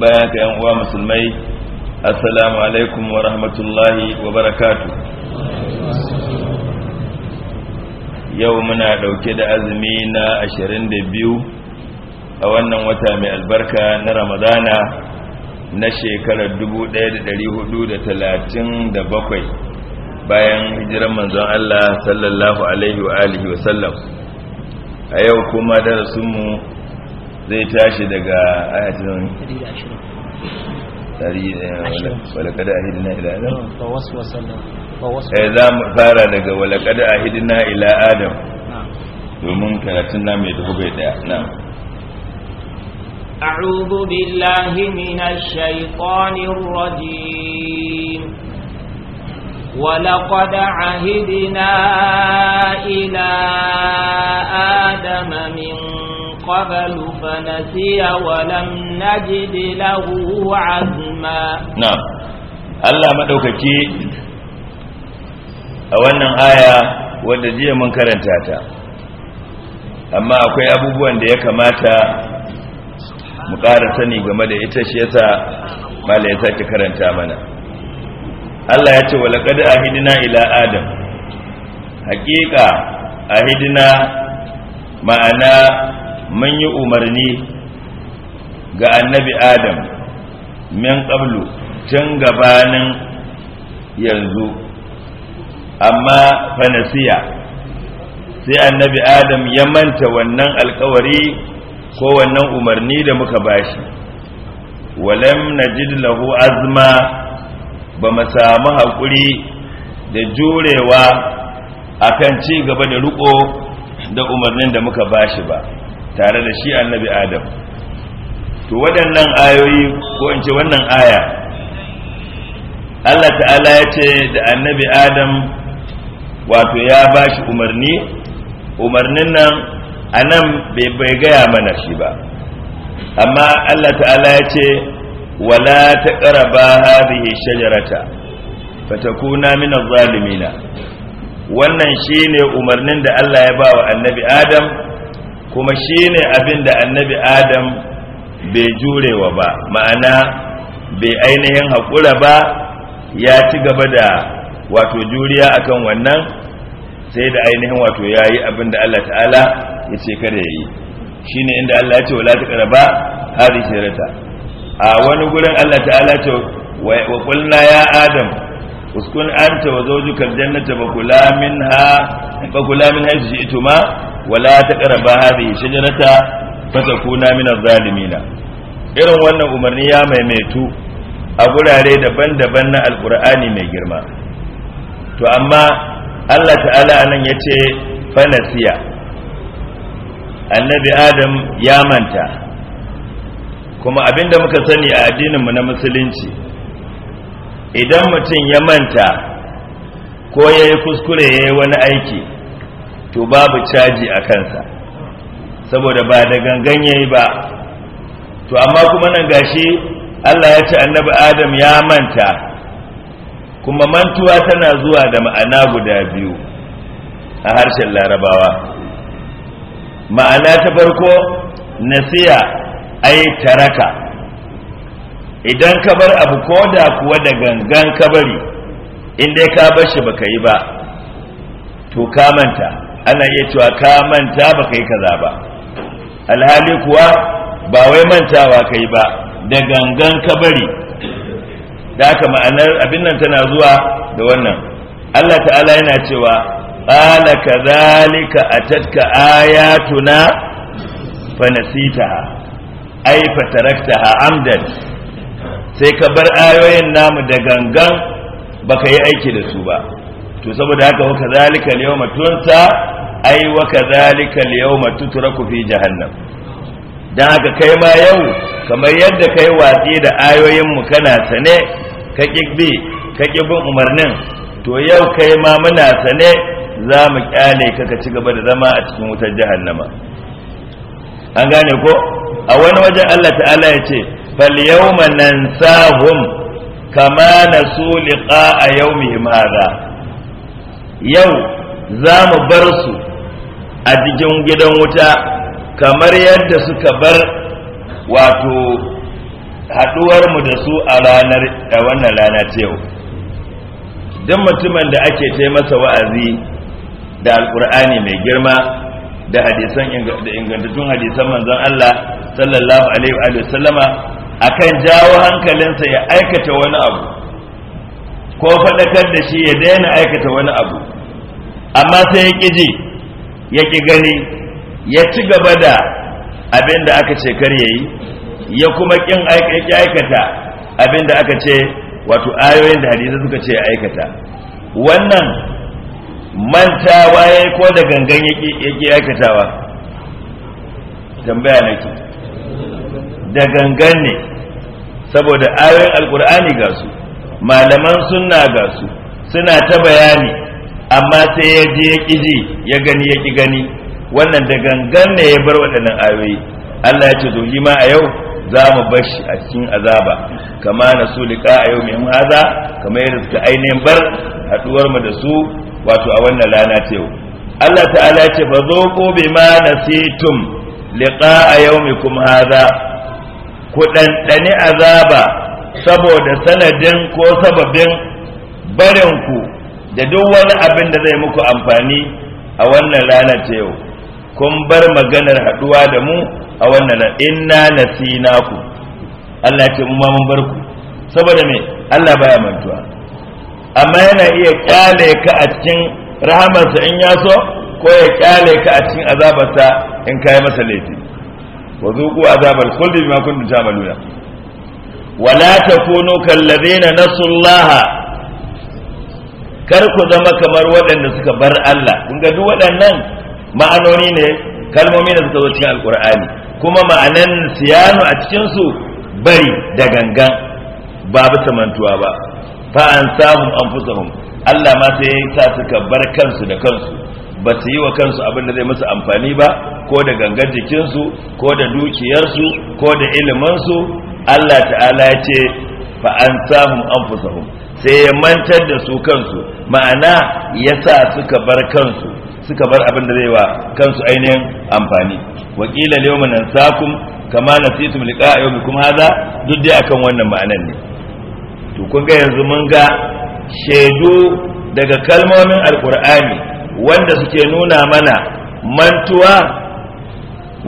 bayan ka yan uwa musulmai assalamu alaikum wa rahmatullahi wa barakatu yau muna ɗauke da azumi na 22 a wannan wata mai albarka na ramadana na shekarar 1437 bayan hijiran manzon Allah sallallahu alaihi wa alihi wa sallam a yau kuma darasinmu zai tashi daga ayatun walakada ahidina ila adam eh za mu fara daga walakada ahidina ila adam domin karatun na mai dubu bai daya na أعوذ بالله من الشيطان الرجيم ولقد عهدنا إلى آدم من قبل فنسي ولم نجد له عزما نعم الله مدوكاكي a wannan aya wanda jiya mun karanta ta amma akwai abubuwan da ya kamata mu ƙara sani game da ita shi yasa mala ya sake karanta mana Allah ya ce walaƙad ahidina ila adam haƙiƙa ahidina ma'ana mun yi umarni ga annabi adam قبل qablu tun gabanin yanzu amma fanasiya sai annabi adam ya manta wannan alkawari ko wannan umarni da muka bashi walam najid lahu azma ba mu samu haƙuri da jurewa akan ci gaba da ruko da umarnin da muka bashi ba tare da shi annabi adam to waɗannan ayoyi ko in ce wannan aya Allah ta'ala ya ce da annabi adam wato ya ba shi umarni umarnin nan anan nan bai gaya mana shi ba amma Allah ta'ala ya ce wala ta ƙaraba hadhihi shajarata fatakuna min zalimina wannan shine umarnin da Allah ya ba wa annabi adam kuma shine abin da annabi adam bai jurewa ba ma'ana bai ainihin hakura ba ya ci gaba da wato juriya akan wannan sai da ainihin wato ya yi abin da Allah ta'ala ya ce kada yi shi ne inda Allah ya ce wala ta ƙarba hari shirata a wani gurin Allah ta'ala ce wa ƙulna ya adam uskun anta wa zawjuka jannata ba kula minha ba min wa la taqrabu hadhihi shajarata takuna min adh-dhalimin irin wannan umarni ya maimaitu a gurare daban-daban na alqur'ani mai girma to amma Allah ta'ala anan yace fanasiya annabi adam ya manta kuma abinda muka sani a addinin mu na musulunci idan mutum ya manta ko ya yi kuskure ya yi wani aiki to babu caji a kansa saboda ba da gangan ya yi ba to amma kuma nan gashi allah ya ce annabi adam ya manta kuma mantuwa tana zuwa da ma'ana guda biyu a harshen larabawa ma'ana ta farko nasiya ai taraka idan ka bar abu ko da kuwa da gangan ka bari in ka bar shi baka yi ba to ka manta ana iya cewa ka manta baka yi kaza ba alhali kuwa ba wai mantawa ka yi ba da gangan ka bari da ka ma'anar abin nan tana zuwa da wannan Allah ta'ala yana cewa qala kadhalika atatka ayatuna fa nasitaha ay ha amdan sai ka bar ayoyin namu da gangan baka yi aiki da su ba to saboda haka wa kadhalika al-yawma tunsa ai wa kadhalika al-yawma tutraku fi jahannam dan haka kai ma yau kamar yadda kai watsi da ayoyin mu kana sane ka kibbi ka kibbin umarnin to yau kai ma muna sane za mu kyale ka ka ci gaba da zama a cikin wutar jahannama an gane ko a wani wajen Allah ta'ala ya ce bal yawma nansahum kama nasuliqa a yawmi madha yau za mu bar su a cikin gidan wuta kamar yadda suka bar wato haɗuwar mu da su a ranar da wannan rana ta yau duk mutumin da ake ce masa wa'azi da alqur'ani mai girma da hadisan ingantattun hadisan manzon Allah sallallahu alaihi wa sallama akan jawo hankalinsa ya aikata wani abu ko faɗakar da shi ya daina aikata wani abu amma sai ya ƙi ji ya ƙi gani ya ci gaba da abin da aka ce kar ya ya kuma ƙin aikata abin da aka ce wato ayoyin da hadisi suka ce aikata wannan mantawa ya ko da gangan ya ƙi aikatawa tambaya nake da gangan ne saboda ayoyin alkur'ani ga su malaman sunna ga su suna ta bayani amma sai ya je ya ƙiji ya gani ya ƙi gani wannan da gangan ne ya bar waɗannan ayoyi Allah ya ce to ma a yau za mu bar shi a cikin azaba kama na su liƙa a yau mai haza kamar yadda suka ainihin bar haɗuwar mu da su wato a wannan rana ta yau Allah ta'ala ya ce fa zo ko bi ma nasitum liqa a yau mai kuma haza ku ɗanɗani azaba saboda sanadin ko sababin barinku da duk wani abin da zai muku amfani a wannan rana ta yau kun bar maganar haɗuwa da mu a wannan inna nasina ku Allah ce mu ma mun bar ku saboda me Allah baya mantuwa amma yana iya kyale ka a cikin rahamarsa in ya so ko ya kyale ka a cikin azabarsa in kai masa laifi wa zuqu azabal khuldi bima kuntum ta'maluna wala takunu kal ladina nasullaha kar ku zama kamar waɗanda suka bar Allah kun ga duk waɗannan ma'anoni ne kalmomi da suka zo cikin alqur'ani kuma ma'anan siyanu a cikin su bari da gangan ba bisa mantuwa ba fa an sahum anfusahum Allah ma sai ya sa suka bar kansu da kansu ba su yi wa kansu abin da zai masa amfani ba ko da gangar jikinsu ko da dukiyarsu ko da ilimansu Allah ta'ala ya ce fa an samu anfusahum sai ya mantar da su kansu ma'ana ya sa suka bar kansu suka bar abin da zai wa kansu ainihin amfani wakila yawman ansakum kama a yau kuma haza, duk dai akan wannan ma'anan ne to kun ga yanzu mun ga shaidu daga kalmomin alkur'ani wanda suke nuna mana mantuwa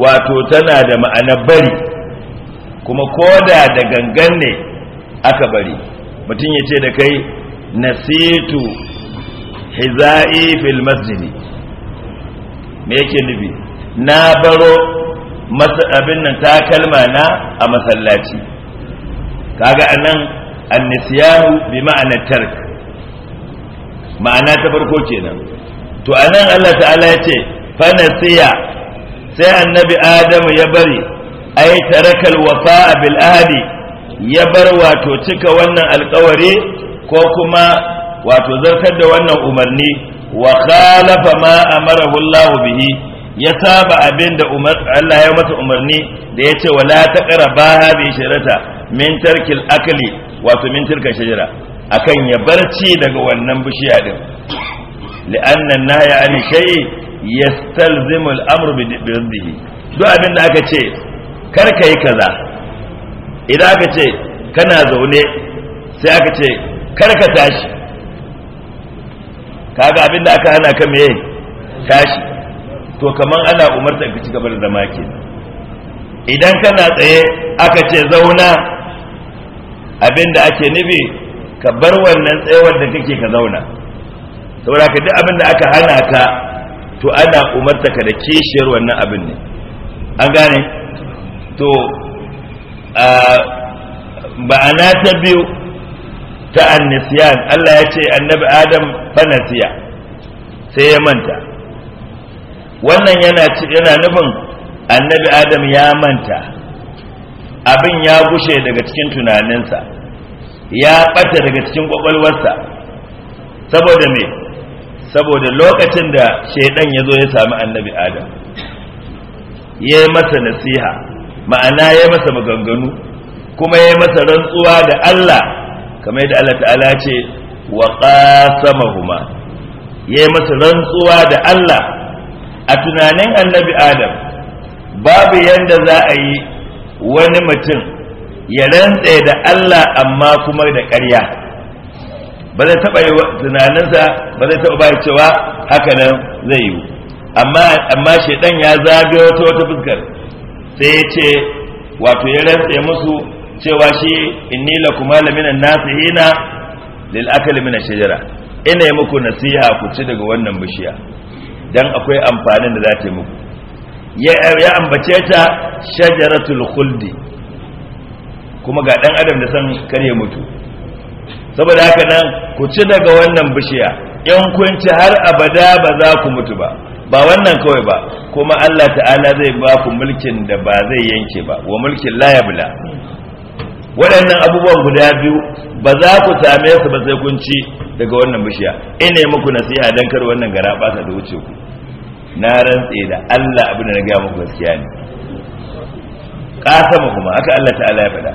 wato tana da ma'ana bari kuma koda da gangan ne aka bari mutum ya ce da kai nasitu hiza'i fil masjidi me yake nufi na baro abin nan takalma na a masallaci kaga anan annisiyahu bi ma'ana tark ma'ana ta farko kenan to anan Allah ta'ala ya ce fa nasiya sai annabi adamu ya bari ai tarakal wafa'a a bil'adi, ya bar wato cika wannan alkawari ko kuma wato zartar da wannan umarni wa khalafa ma amarahu Allah bihi ya saba abin da Allah ya masa umarni da ya ce wala taqraba hadhihi shajarata min tarkil akli wato min tilka shajara akan ya barci daga wannan bishiya din li'anna nahya an shay'i yastalzimu al'amru bi riddihi duk abin da aka ce kar kai kaza idan aka ce kana zaune sai aka ce kar ka tashi kaga abin da aka hana ka me tashi to kaman ana umarta ka ci gaba da zama ke idan kana tsaye aka ce zauna abin da ake nufi ka bar wannan tsayawar da kake ka zauna saboda ka duk abin da aka hana ka to ana umartaka da kishiyar wannan abin ne an gane to ba'ana ta biyu ta annisiyan Allah ya ce annabi adam fanasiya sai ya manta wannan yana yana nufin annabi adam ya manta abin ya gushe daga cikin tunaninsa ya ɓata daga cikin ƙwaƙwalwarsa saboda me saboda lokacin da shaidan ya zo ya sami annabi adam ya yi masa nasiha ma'ana ya yi masa maganganu kuma ya yi masa rantsuwa da Allah kamar yadda Allah ta'ala ce wa qasamahuma ya yi masa rantsuwa da Allah a tunanin annabi adam babu yadda za a yi wani mutum ya rantse da Allah amma kuma da ƙarya ba zai taɓa yi tunaninsa ba zai taɓa bai cewa haka nan zai yi amma amma shaidan ya zabe wata wata fuskar sai ya ce wato ya rantse musu cewa shi inni lakum laminan nasihina lil akali min shajara ina yi muku nasiha ku ci daga wannan bishiya dan akwai amfanin da za ta yi muku ya ambace ta shajaratul khuldi kuma ga dan adam da san kare mutu saboda haka nan ku ci daga wannan bishiya in kun ci har abada ba za ku mutu ba ba wannan kawai ba kuma Allah ta'ala zai ba ku mulkin da ba zai yanke ba wa mulkin la yabla waɗannan abubuwan guda biyu ba za ku same su ba sai kun ci daga wannan bishiya ina muku nasiha dan kar wannan gara ta da wuce ku na rantse da Allah abin da na ga muku gaskiya ne kasama kuma haka Allah ta'ala ya faɗa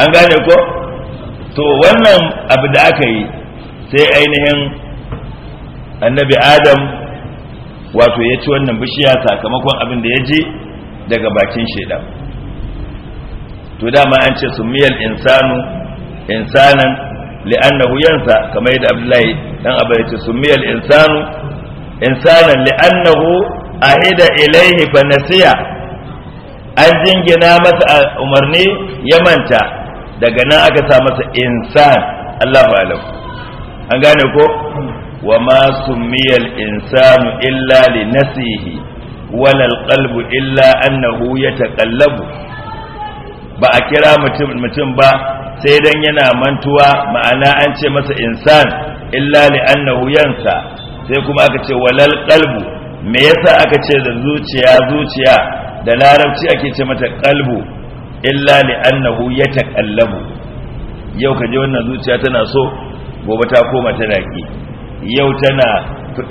an gane ko to wannan abu da aka yi sai ainihin annabi adam wato ya ci wannan bishiya sakamakon abin da ya ji daga bakin shaidan to dama an ce sumiyal insanu insanan li'annahu yansa kamar yadda abdullahi dan abu ya ce sumiyal insanu insanan li'annahu ahida ilaihi fa nasiya an jingina masa umarni ya manta daga nan aka sa masa insan Allah alam an gane ko wa ma sumiyal insanu illa li nasihi walal qalbu illa annahu yataqallabu ba a kira mutum mutum ba sai dan yana mantuwa ma'ana an ce masa insan illa li annahu yansa sai kuma aka ce walal qalbu me yasa aka ce da zuciya zuciya da larabci ake ce mata qalbu illa li'annahu yatakallamu yau kaje wannan zuciya tana so gobe ta koma tana ki yau tana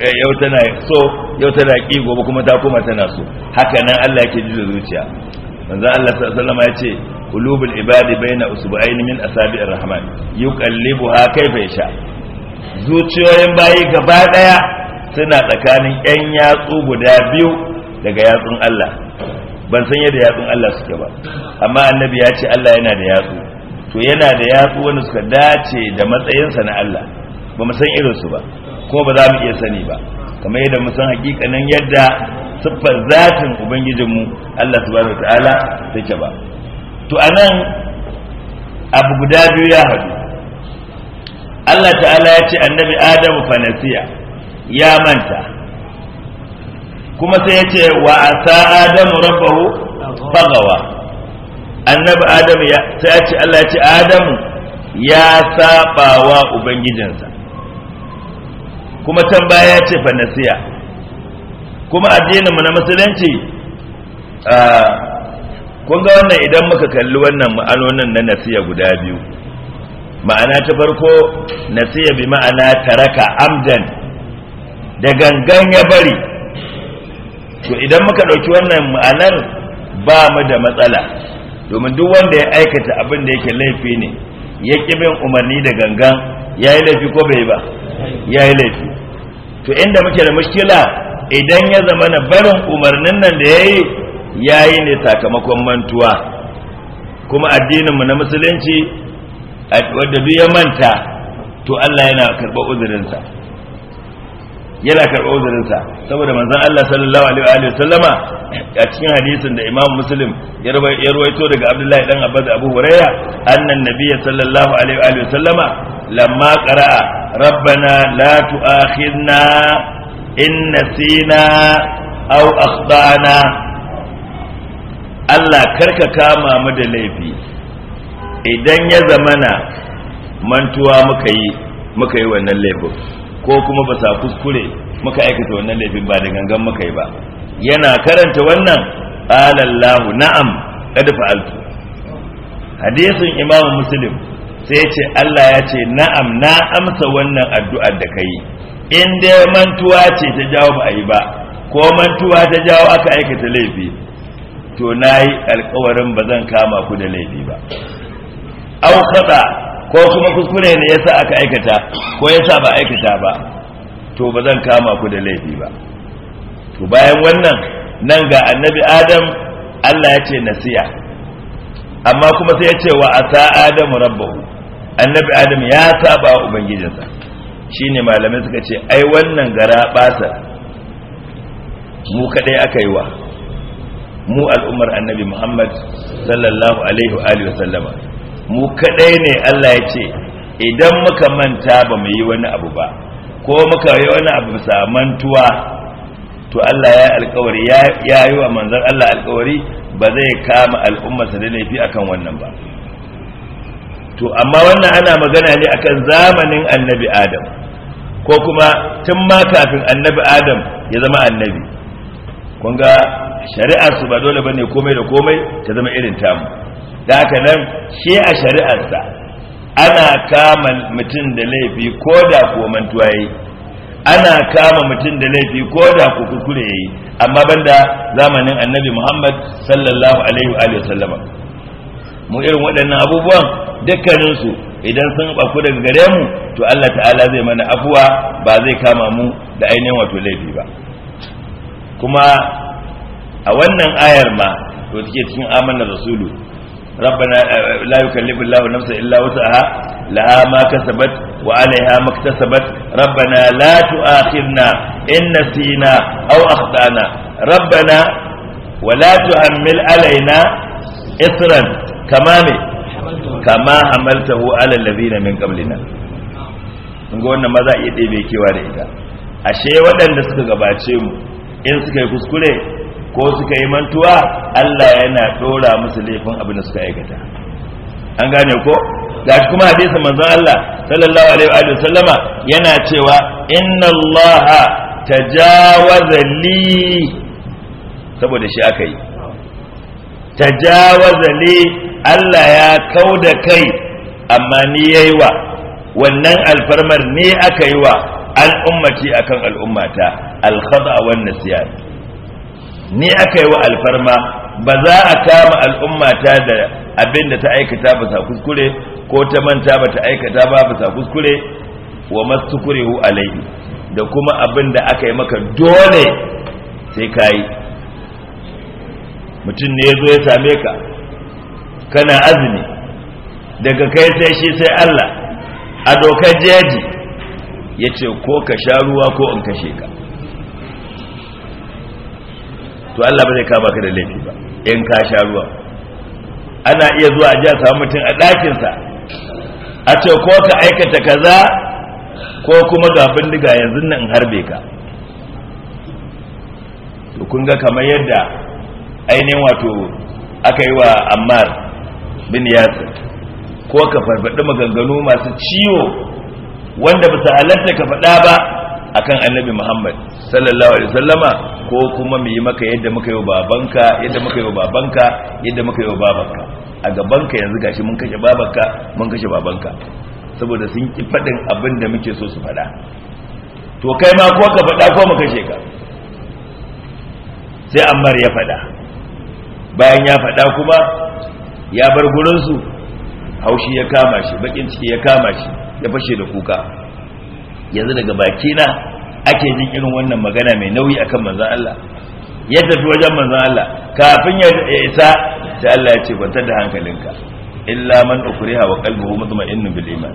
eh, yau tana so yau tana ki gobe kuma ta koma tana so haka nan Allah yake jira zuciya manzo Allah sallallahu alaihi ya ce qulubul ibadi baina usbu'ain min asabi'ir rahman yuqallibuha kayfa yasha zuciyoyin bayi gaba daya suna tsakanin yan yatsu guda biyu daga yatsun Allah ban san yadda yatsun Allah suke ba amma annabi ya ce Allah yana da yatsu to yana da yatsu wanda suka dace da matsayinsa na Allah ba mu san irinsu ba ko ba za mu iya sani ba kamar yadda mu san hakikanin yadda siffar zatin ubangijinmu Allah subhanahu ta'ala take ba to anan abu guda biyu ya haɗu Allah ta'ala ya ce annabi Adamu fanasiya ya manta kuma sai ya ce wa asa adamu rabbahu fagawa annabi Adamu ya sai ya Allah ya ce adamu ya wa ubangijinsa kuma can baya ya ce fanasiya kuma addininmu na musulunci kun ga wannan idan muka kalli wannan ma'anonin na nasiya guda biyu ma'ana ta farko nasiya bi ma'ana taraka amdan da gangan ya bari to idan muka ɗauki wannan ma'anar ba mu da matsala domin duk wanda ya aikata abin da yake laifi ne ya ƙi bin umarni da gangan ya yi laifi ko bai ba ya yi laifi to inda muke da mushkila idan ya zama na barin umarnin nan da ya yi ya yi ne sakamakon mantuwa kuma addininmu na musulunci wadda duk ya manta to Allah yana karɓar uzurinsa yana karɓar uzurinsa saboda manzon Allah sallallahu alaihi wa sallama a cikin hadisin da Imam Muslim ya rawaito daga Abdullahi dan Abbas Abu Huraira annan nabiyya sallallahu alaihi wa sallama lamma qara'a rabbana la tu'akhidna in nasina aw akhtana Allah karka kama mu da laifi idan ya zamana mantuwa muka yi muka yi wannan laifin ko kuma ba sa kuskure muka aikata wannan laifin ba da gangan muka yi ba yana karanta wannan alallahu na'am qad fa'altu hadisin imamu muslim sai ya ce Allah ya ce na'am na amsa wannan addu'a da kai in dai mantuwa ce ta jawo ba a yi ba ko mantuwa ta jawo aka aikata laifi to nayi alkawarin ba zan kama ku da laifi ba au khata ko kuma kuskure ne yasa aka aikata ko yasa ba aikata ba to ba zan kama ku da laifi ba to bayan wannan nan ga annabi adam Allah ya ce nasiya amma kuma sai ya ce wa asa adam rabbahu annabi adam ya saba ubangijinsa shine malamai suka ce ai wannan gara basa mu kadai aka yi wa mu al'ummar annabi muhammad sallallahu alaihi wa alihi wa sallama mu kaɗai ne Allah ya ce idan muka manta ba mu yi wani abu ba ko muka yi wani abu sa mantuwa to Allah ya alkawari ya yi wa manzon Allah alkawari ba zai kama al'ummarsa da laifi akan wannan ba to amma wannan ana magana ne akan zamanin annabi adam ko kuma tun ma kafin annabi adam ya zama annabi kun ga shari'ar su ba dole bane komai da komai ta zama irin tamu da haka nan shi a shari'arsa ana kama mutum da laifi ko da kuwa mantuwa yi ana kama mutum da laifi ko da ku kukure yi amma banda zamanin annabi muhammad sallallahu alaihi wa sallama mu irin waɗannan abubuwan dukkaninsu idan sun baku daga gare mu to allah ta'ala zai mana afuwa ba zai kama mu da ainihin wato laifi ba kuma a wannan ayar ma to take cikin amanar rasulu ربنا لا يكلف الله نفسا الا وسعها لها ما كسبت وعليها ما اكتسبت ربنا لا تؤاخذنا ان نسينا او اخطانا ربنا ولا تحمل علينا إصرا كما كما حملته على الذين من قبلنا wannan ma za a ما ذا يدي da ita ashe waɗanda suka gabace mu in suka yi kuskure ko suka yi mantuwa Allah yana dora musu laifin abin da suka aikata an gane ko shi kuma hadisin manzon Allah sallallahu alaihi wa sallama yana cewa inna Allah tajawaza li saboda shi aka yi tajawaza li Allah ya kauda kai amma ni yayi wa wannan alfarmar ne aka yi wa al'ummaci akan al'ummata al-khada wan nisyan ni aka yi wa alfarma ba za a kama al'umma ta da abin da ta aikata ba sa kuskure ko ta manta ba ta aikata ba ba sa kuskure wa mastukurihu alaihi da kuma abin da aka yi maka dole sai ka yi mutum ne ya zo ya same ka kana azumi daga kai sai shi sai Allah a dokar jeji ya ce ko ka sha ruwa ko in kashe ka to Allah ba zai kama ka da laifi ba in ka sha ruwa ana iya zuwa a ji samu mutum a ɗakinsa a ce ko ka aikata kaza ko kuma ga bindiga yanzu nan in harbe ka to kun ga kamar yadda ainihin wato aka yi wa ammar bin yasir ko ka farfaɗi maganganu masu ciwo wanda ba su halatta ka faɗa ba akan annabi muhammad sallallahu alaihi wasallama ko kuma mu yi maka yadda muka yi wa babanka yadda muka yi wa babanka yadda muka yi wa babanka a gabanka yanzu gashi mun kashe babanka mun kashe babanka saboda sun ki faɗin abin da muke so su faɗa to kai ma ko ka faɗa ko mu kashe ka sai ammar ya faɗa bayan ya faɗa kuma ya bar gurinsu haushi ya kama shi bakin ciki ya kama shi ya fashe da kuka yanzu daga bakina ake jin irin wannan magana mai nauyi akan manzon Allah ya tafi wajen manzon Allah kafin ya isa sai Allah ya ce kwantar da hankalinka illa man ukriha wa qalbuhu mutma'innun bil iman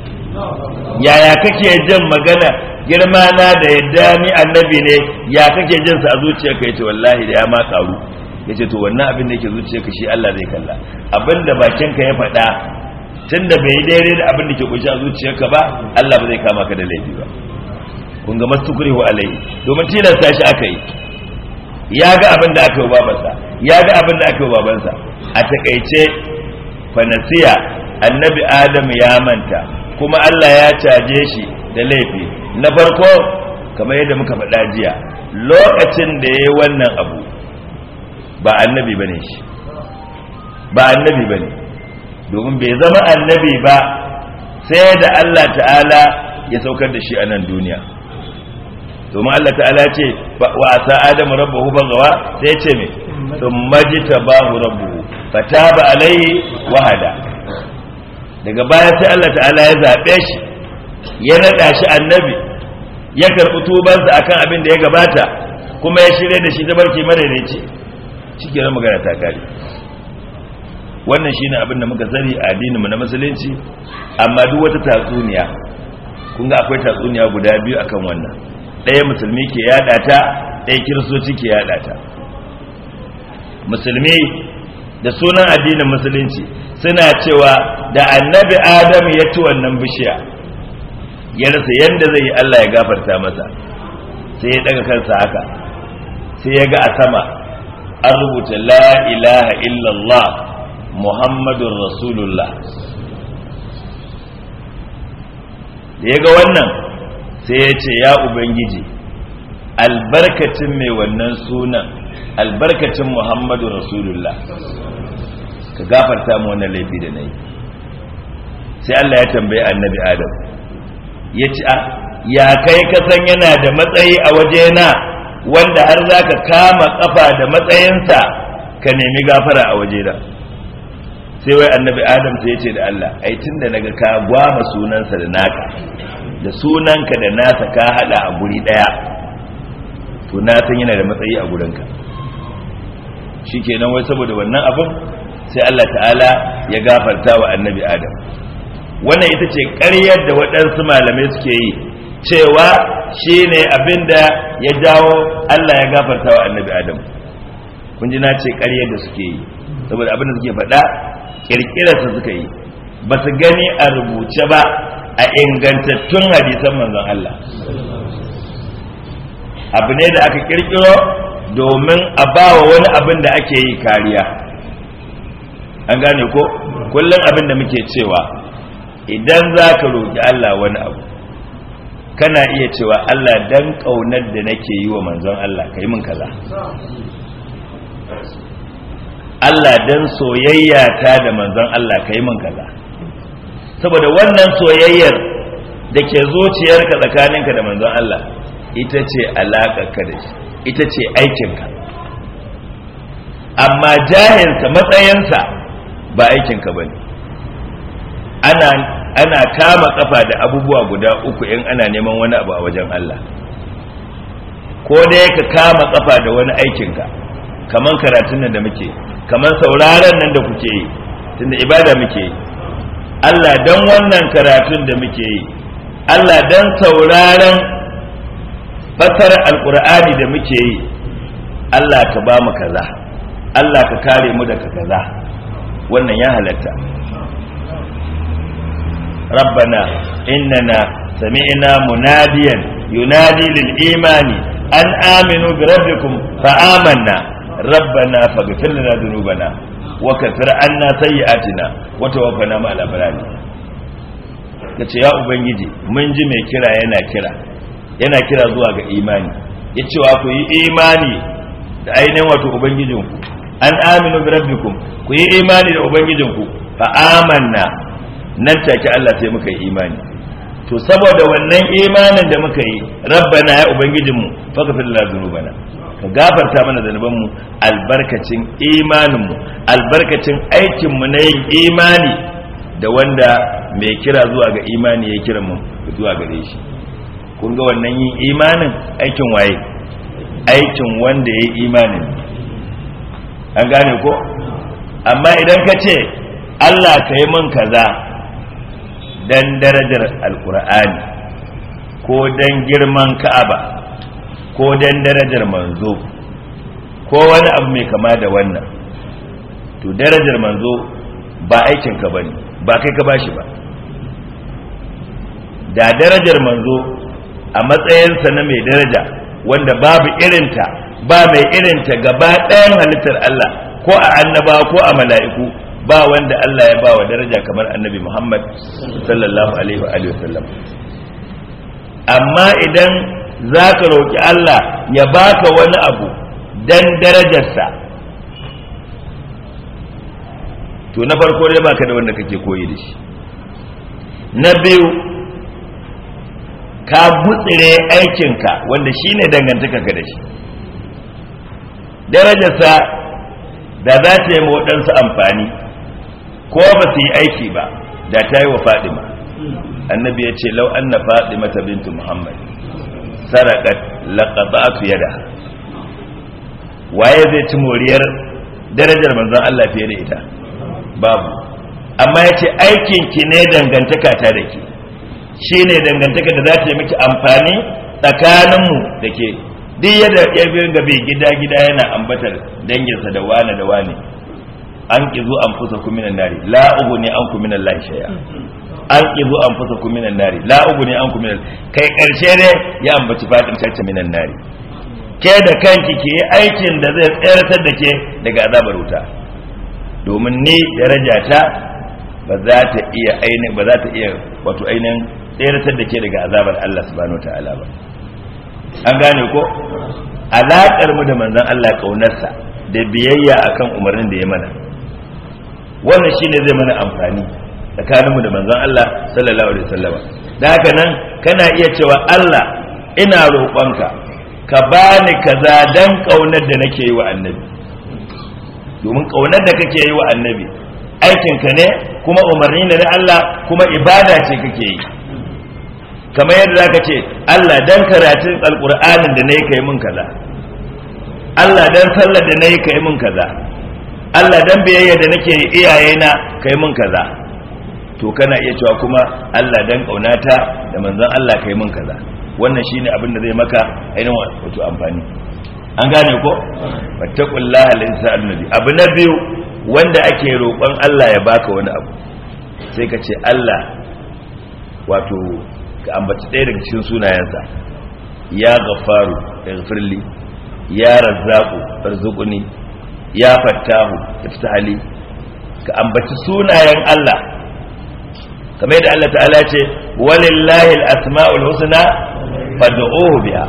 yaya kake jin magana girma na da yadda ni annabi ne ya kake jin sa a zuciyarka yace wallahi da ya ma karu yace to wannan abin da yake zuciyarka shi Allah zai kalla abinda bakinka ya faɗa tunda bai daidai da abin da ke kunshi a zuciyarka ba Allah ba zai kama ka da laifi ba kun ga mastukurihu alai domin tilasta shi aka yi ya ga abin da aka yi babansa ya ga abin da aka yi babansa a takaice fanasiya annabi adam ya manta kuma Allah ya caje shi da laifi na farko kamar yadda muka faɗa jiya lokacin da ya yi wannan abu ba annabi ba ne shi ba annabi ba ne domin bai zama annabi ba sai da Allah ta'ala ya saukar da shi a nan duniya domin Allah ta'ala ce wa asa adamu rabbahu bagawa sai ce me thumma jitabahu rabbuhu fataba alaihi wahada daga baya sai Allah ta'ala ya zabe shi ya nada shi annabi ya karbi tubansa akan abin da ya gabata kuma ya shirye da shi tabarki madaidaici Cikin na magana ta kare wannan shine abin da muka sani a addininmu na musulunci amma duk wata tatsuniya kun ga akwai tatsuniya guda biyu akan wannan ɗaya musulmi ke yada ta ɗaya kiristoci ke yada ta musulmi da sunan addinin musulunci suna cewa da annabi adam ya ci wannan bishiya ya rasa yadda zai yi allah ya gafarta masa sai ya daga kansa haka sai ya ga a sama an rubuta la ilaha illallah muhammadun rasulullah da ya ga wannan sai ya ce ya ubangiji albarkacin mai wannan sunan albarkacin muhammadu rasulullah ka gafarta mu wannan laifi da na yi sai allah ya tambayi annabi adam ya ci a ah, ya kai kasan yana da matsayi a wajena wanda har za ka kama kafa da matsayinsa ka nemi gafara a wajena sai wai annabi adam sai ya ce da allah ai tun da naga ka gwama sunansa da naka da sunanka da nasa ka hada a guri daya to na san yana da matsayi a gurinka shikenan wai saboda wannan abin sai Allah ta'ala ya gafarta wa annabi adam wannan ita ce ƙaryar da waɗansu malamai suke yi cewa shi ne abin da ya jawo Allah ya gafarta wa annabi adam kun ji na ce ƙaryar da suke yi saboda abin da suke faɗa ƙirƙirarsa suka yi ba su gani a rubuce ba a ingantattun hadisan manzon Allah abu ne da aka kirkiro domin a bawa wani abin da ake yi kariya an gane ko kullum abin da muke cewa idan za ka roƙi Allah wani abu kana iya cewa Allah dan ƙaunar da nake yi wa manzon Allah ka yi min kaza Allah dan soyayya ta da manzon Allah ka yi min kaza saboda wannan soyayyar da ke zuciyarka tsakaninka da manzon Allah ita ce alaƙarka da shi ita ce aikinka amma jahinsa matsayinsa ba aikinka ba ne ana kama kafa da abubuwa guda uku in ana neman wani abu a wajen Allah ko dai ka kama kafa da wani aikinka kamar karatun nan da muke kamar sauraron nan da kuke yi tunda ibada muke yi Allah dan wannan karatun da muke yi Allah dan sauraron fasar alkur'ani da muke yi Allah ka ba mu kaza Allah ka kare mu daga kaza wannan ya halatta rabbana innana sami'na munadiyan yunadi lil imani an aminu bi rabbikum fa amanna rabbana faghfir lana dhunubana wa kafir anna sayyi'atina wa tawaffana ma al-abrani yace ya ubangiji mun ji mai kira yana kira yana kira zuwa ga imani yace wa ku yi imani da ainihin wato ubangijinku an aminu bi rabbikum ku yi imani da ubangijinku fa amanna nan take Allah sai muka yi imani to saboda wannan imanin da muka yi rabbana ya ubangijinmu faghfir lana dhunubana ka gafarta mana zanubanmu albarkacin imaninmu albarkacin aikinmu na yin imani da wanda mai kira zuwa ga imani ya kira mu zuwa gare shi kun ga wannan yin imanin aikin waye aikin wanda ya yi imanin an gane ko amma idan ka ce Allah ka yi min kaza dan darajar alkur'ani ko dan girman ka'aba ko dan darajar manzo ko wani abu mai kama da wannan to darajar manzo ba aikinka ba ne ba kai ka bashi ba da darajar manzo a matsayinsa na mai daraja wanda babu irinta ba mai irinta gaba ɗayan halittar Allah ko a annaba ko a mala'iku ba wanda Allah ya ba wa daraja kamar annabi Muhammad sallallahu alaihi wa sallam amma idan za ka roƙi Allah ya baka wani abu dan darajarsa to na farko dai baka da wanda kake koyi da shi na biyu ka gutsire aikinka wanda shi ne dangantaka ka da shi darajarsa da za ta yi waɗansu amfani ko ba su yi aiki ba da ta yi wa fadima annabi ya ce lau anna fadima ta bintu muhammad sarakat laqata'tu yada waye zai ci moriyar darajar manzon Allah fiye da ita babu amma ya ce aikin ki ne dangantaka ta da ke shi ne dangantaka da za ta yi miki amfani tsakaninmu da ke duk yadda ya ga bai gida gida yana ambatar danginsa da wane da wane an kizu an fusa kuminan nari la'ubu ne an kuminan minan an kizu an fusa kuminan nari la'ubu ne an kuminan. kai karshe ne ya ambaci fadin tacce minan nari ke da kanki ke aikin da zai tsayar da ke daga azabar wuta domin ni darajata ba za ta iya ainihin ba za ta iya wato ainihin tseratar da ke daga azabar Allah subhanahu ta'ala ba an gane ko alaƙar mu da manzon Allah kaunarsa da biyayya akan umarnin da ya mana wannan shine zai mana amfani tsakaninmu da manzon Allah sallallahu alaihi wasallam da haka nan kana iya cewa Allah ina roƙonka ka bani kaza dan ƙaunar da nake yi wa annabi domin ƙaunar da kake yi wa annabi aikinka ne kuma umarni ne na Allah kuma ibada ce kake yi kamar yadda za ka ce Allah dan karatun alƙur'anin da na yi kai min kaza Allah dan sallar da na yi kai min kaza Allah dan biyayya da nake yi iyayena kai mun kaza to kana iya cewa kuma Allah dan kaunata da manzon Allah kai min kaza wannan shine abin da zai maka ainihin wato amfani an gane ko wattaqullaha laysa annabi abu na biyu wanda ake roƙon Allah ya baka wani abu sai ka ce Allah wato ka ambaci ɗaya daga cikin sunayensa ya ghafaru ighfirli ya razzaqu farzuqni ya fattahu iftahli ka ambaci sunayen Allah kamar yadda Allah ta'ala ce walillahi al-asma'ul husna fad'uhu biha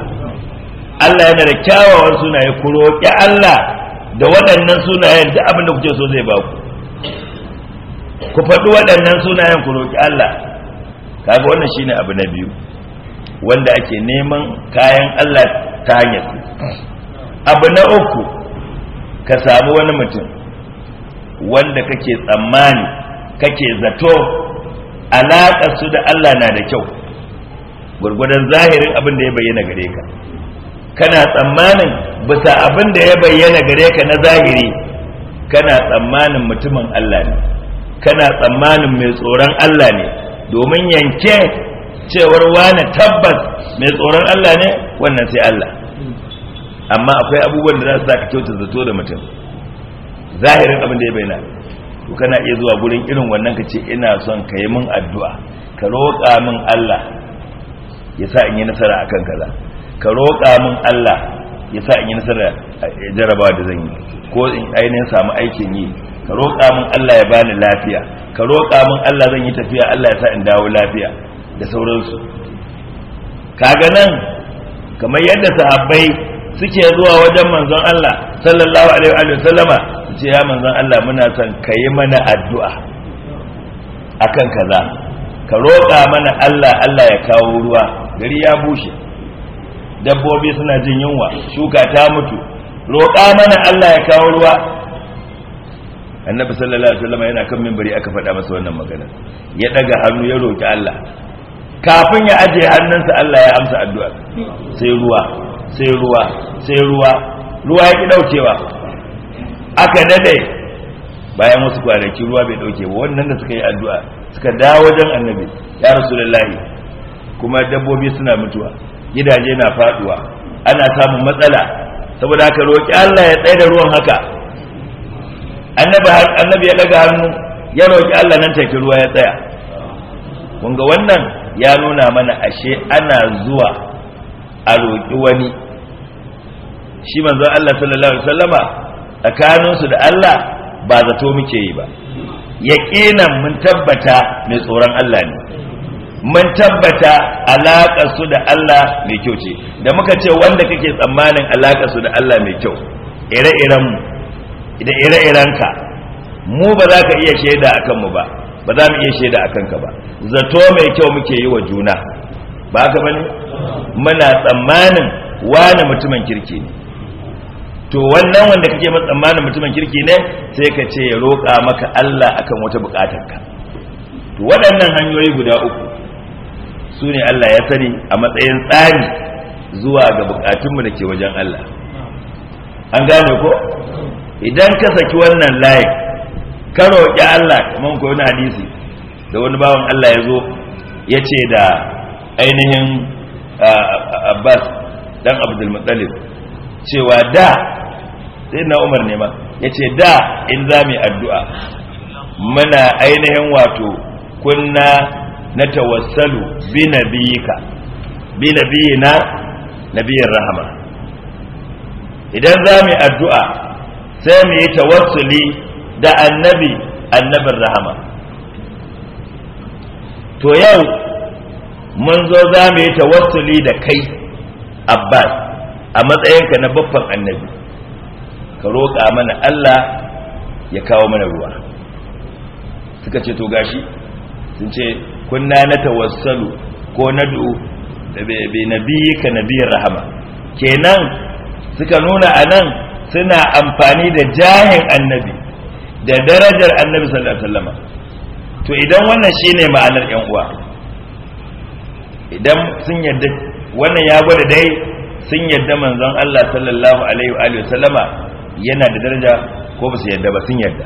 Allah yana da kyawawan sunaye ku roƙi Allah da waɗannan sunayen da abin da kuke so zai ba ku ku faɗi waɗannan sunayen ku roƙi Allah kaga wannan shine abu na biyu wanda ake neman kayan Allah ta hanyar abu na uku ka samu wani mutum wanda kake tsammani kake zato alaƙar su da Allah na da kyau gwargwadon zahirin abin da ya bayyana gare ka kana tsammanin bisa abin da ya bayyana gare ka na zahiri kana tsammanin mutumin Allah ne kana tsammanin mai tsoron Allah ne domin yanke cewar wani tabbas mai tsoron Allah ne wannan sai Allah amma akwai abubuwan da za su saka kyautar zato da mutum zahirin abin da ya bayyana to kana iya zuwa gurin irin wannan ka ce ina son ka yi min addu'a ka roƙa min Allah ya sa in yi nasara akan kaza ka roƙa min Allah ya sa in yi nasara jarabawa da zan yi ko in ainihin samu aikin yi ka roƙa min Allah ya bani lafiya ka roƙa min Allah zan yi tafiya Allah ya sa in dawo lafiya da sauransu kaga nan kamar yadda sahabbai suke zuwa wajen manzon Allah sallallahu alaihi wa sallama su ce ya manzon Allah muna son ka yi mana addu'a akan kaza ka roƙa mana Allah Allah ya kawo ruwa gari ya bushe dabbobi suna jin yunwa shuka ta mutu roƙa mana Allah ya kawo ruwa annabi sallallahu alaihi wasallam yana kan minbari aka faɗa masa wannan magana ya daga hannu ya roƙi Allah kafin ya aje hannunsa Allah ya amsa addu'a sai ruwa sai ruwa sai ruwa ruwa ya ki aka dade bayan wasu kwanaki ruwa bai dauke ba wannan da suka yi addu'a suka dawo wajen annabi ya rasulullahi kuma dabbobi suna mutuwa gidaje na faduwa ana samun matsala saboda haka roƙi Allah ya tsaye da ruwan haka annabi ya daga hannu ya roƙi Allah nan take ruwa ya tsaya kun ga wannan ya nuna mana ashe ana zuwa a roƙi wani shi manzo Allah sallallahu alaihi wasallama tsakaninsu da Allah ba zato muke yi ba yaqinan mun tabbata mai tsoron Allah ne mun tabbata alaƙa su da Allah mai kyau ce da muka ce wanda kake tsammanin alaƙa su da Allah mai kyau ire-iren da ire-irenka mu ba za ka iya shaida akan mu ba ba za mu iya shaida akan ka ba zato mai kyau muke yi wa juna ba ka bane muna tsammanin wani mutumin kirki ne to wannan wanda kake tsammanin mutumin kirki ne sai ka ce ya roƙa maka Allah akan wata buƙatarka to waɗannan hanyoyi guda uku su ne Allah ya sani a matsayin tsari zuwa ga bukatunmu da ke wajen Allah an gane ko idan ka saki wannan layin ka roƙi Allah kamar ko wani hadisi da wani bawan Allah ya zo ya ce da ainihin Abbas dan Abdul Muttalib cewa da sai na Umar ne ma yace da in za mu yi addu'a muna ainihin wato kunna na tawassalu bi nabiyika bi nabiyina nabiyin rahama idan za mu addu'a sai mu yi tawassuli da annabi annabin rahama to yau mun zo za mu yi tawassuli da kai abbas a matsayinka na babban annabi ka roƙa mana allah ya kawo mana ruwa suka ce to gashi sun ce kunna na tawassalu ko nad'u nabi ka nabiyyir rahama kenan suka nuna anan suna amfani da jahin annabi da darajar annabi sallallahu alaihi wasallam to idan wannan shine ma'anar yan uwa idan sun yadda wannan ya gwada dai sun yadda manzon Allah sallallahu alaihi wa wasallama yana da daraja ko ba su yadda ba sun yadda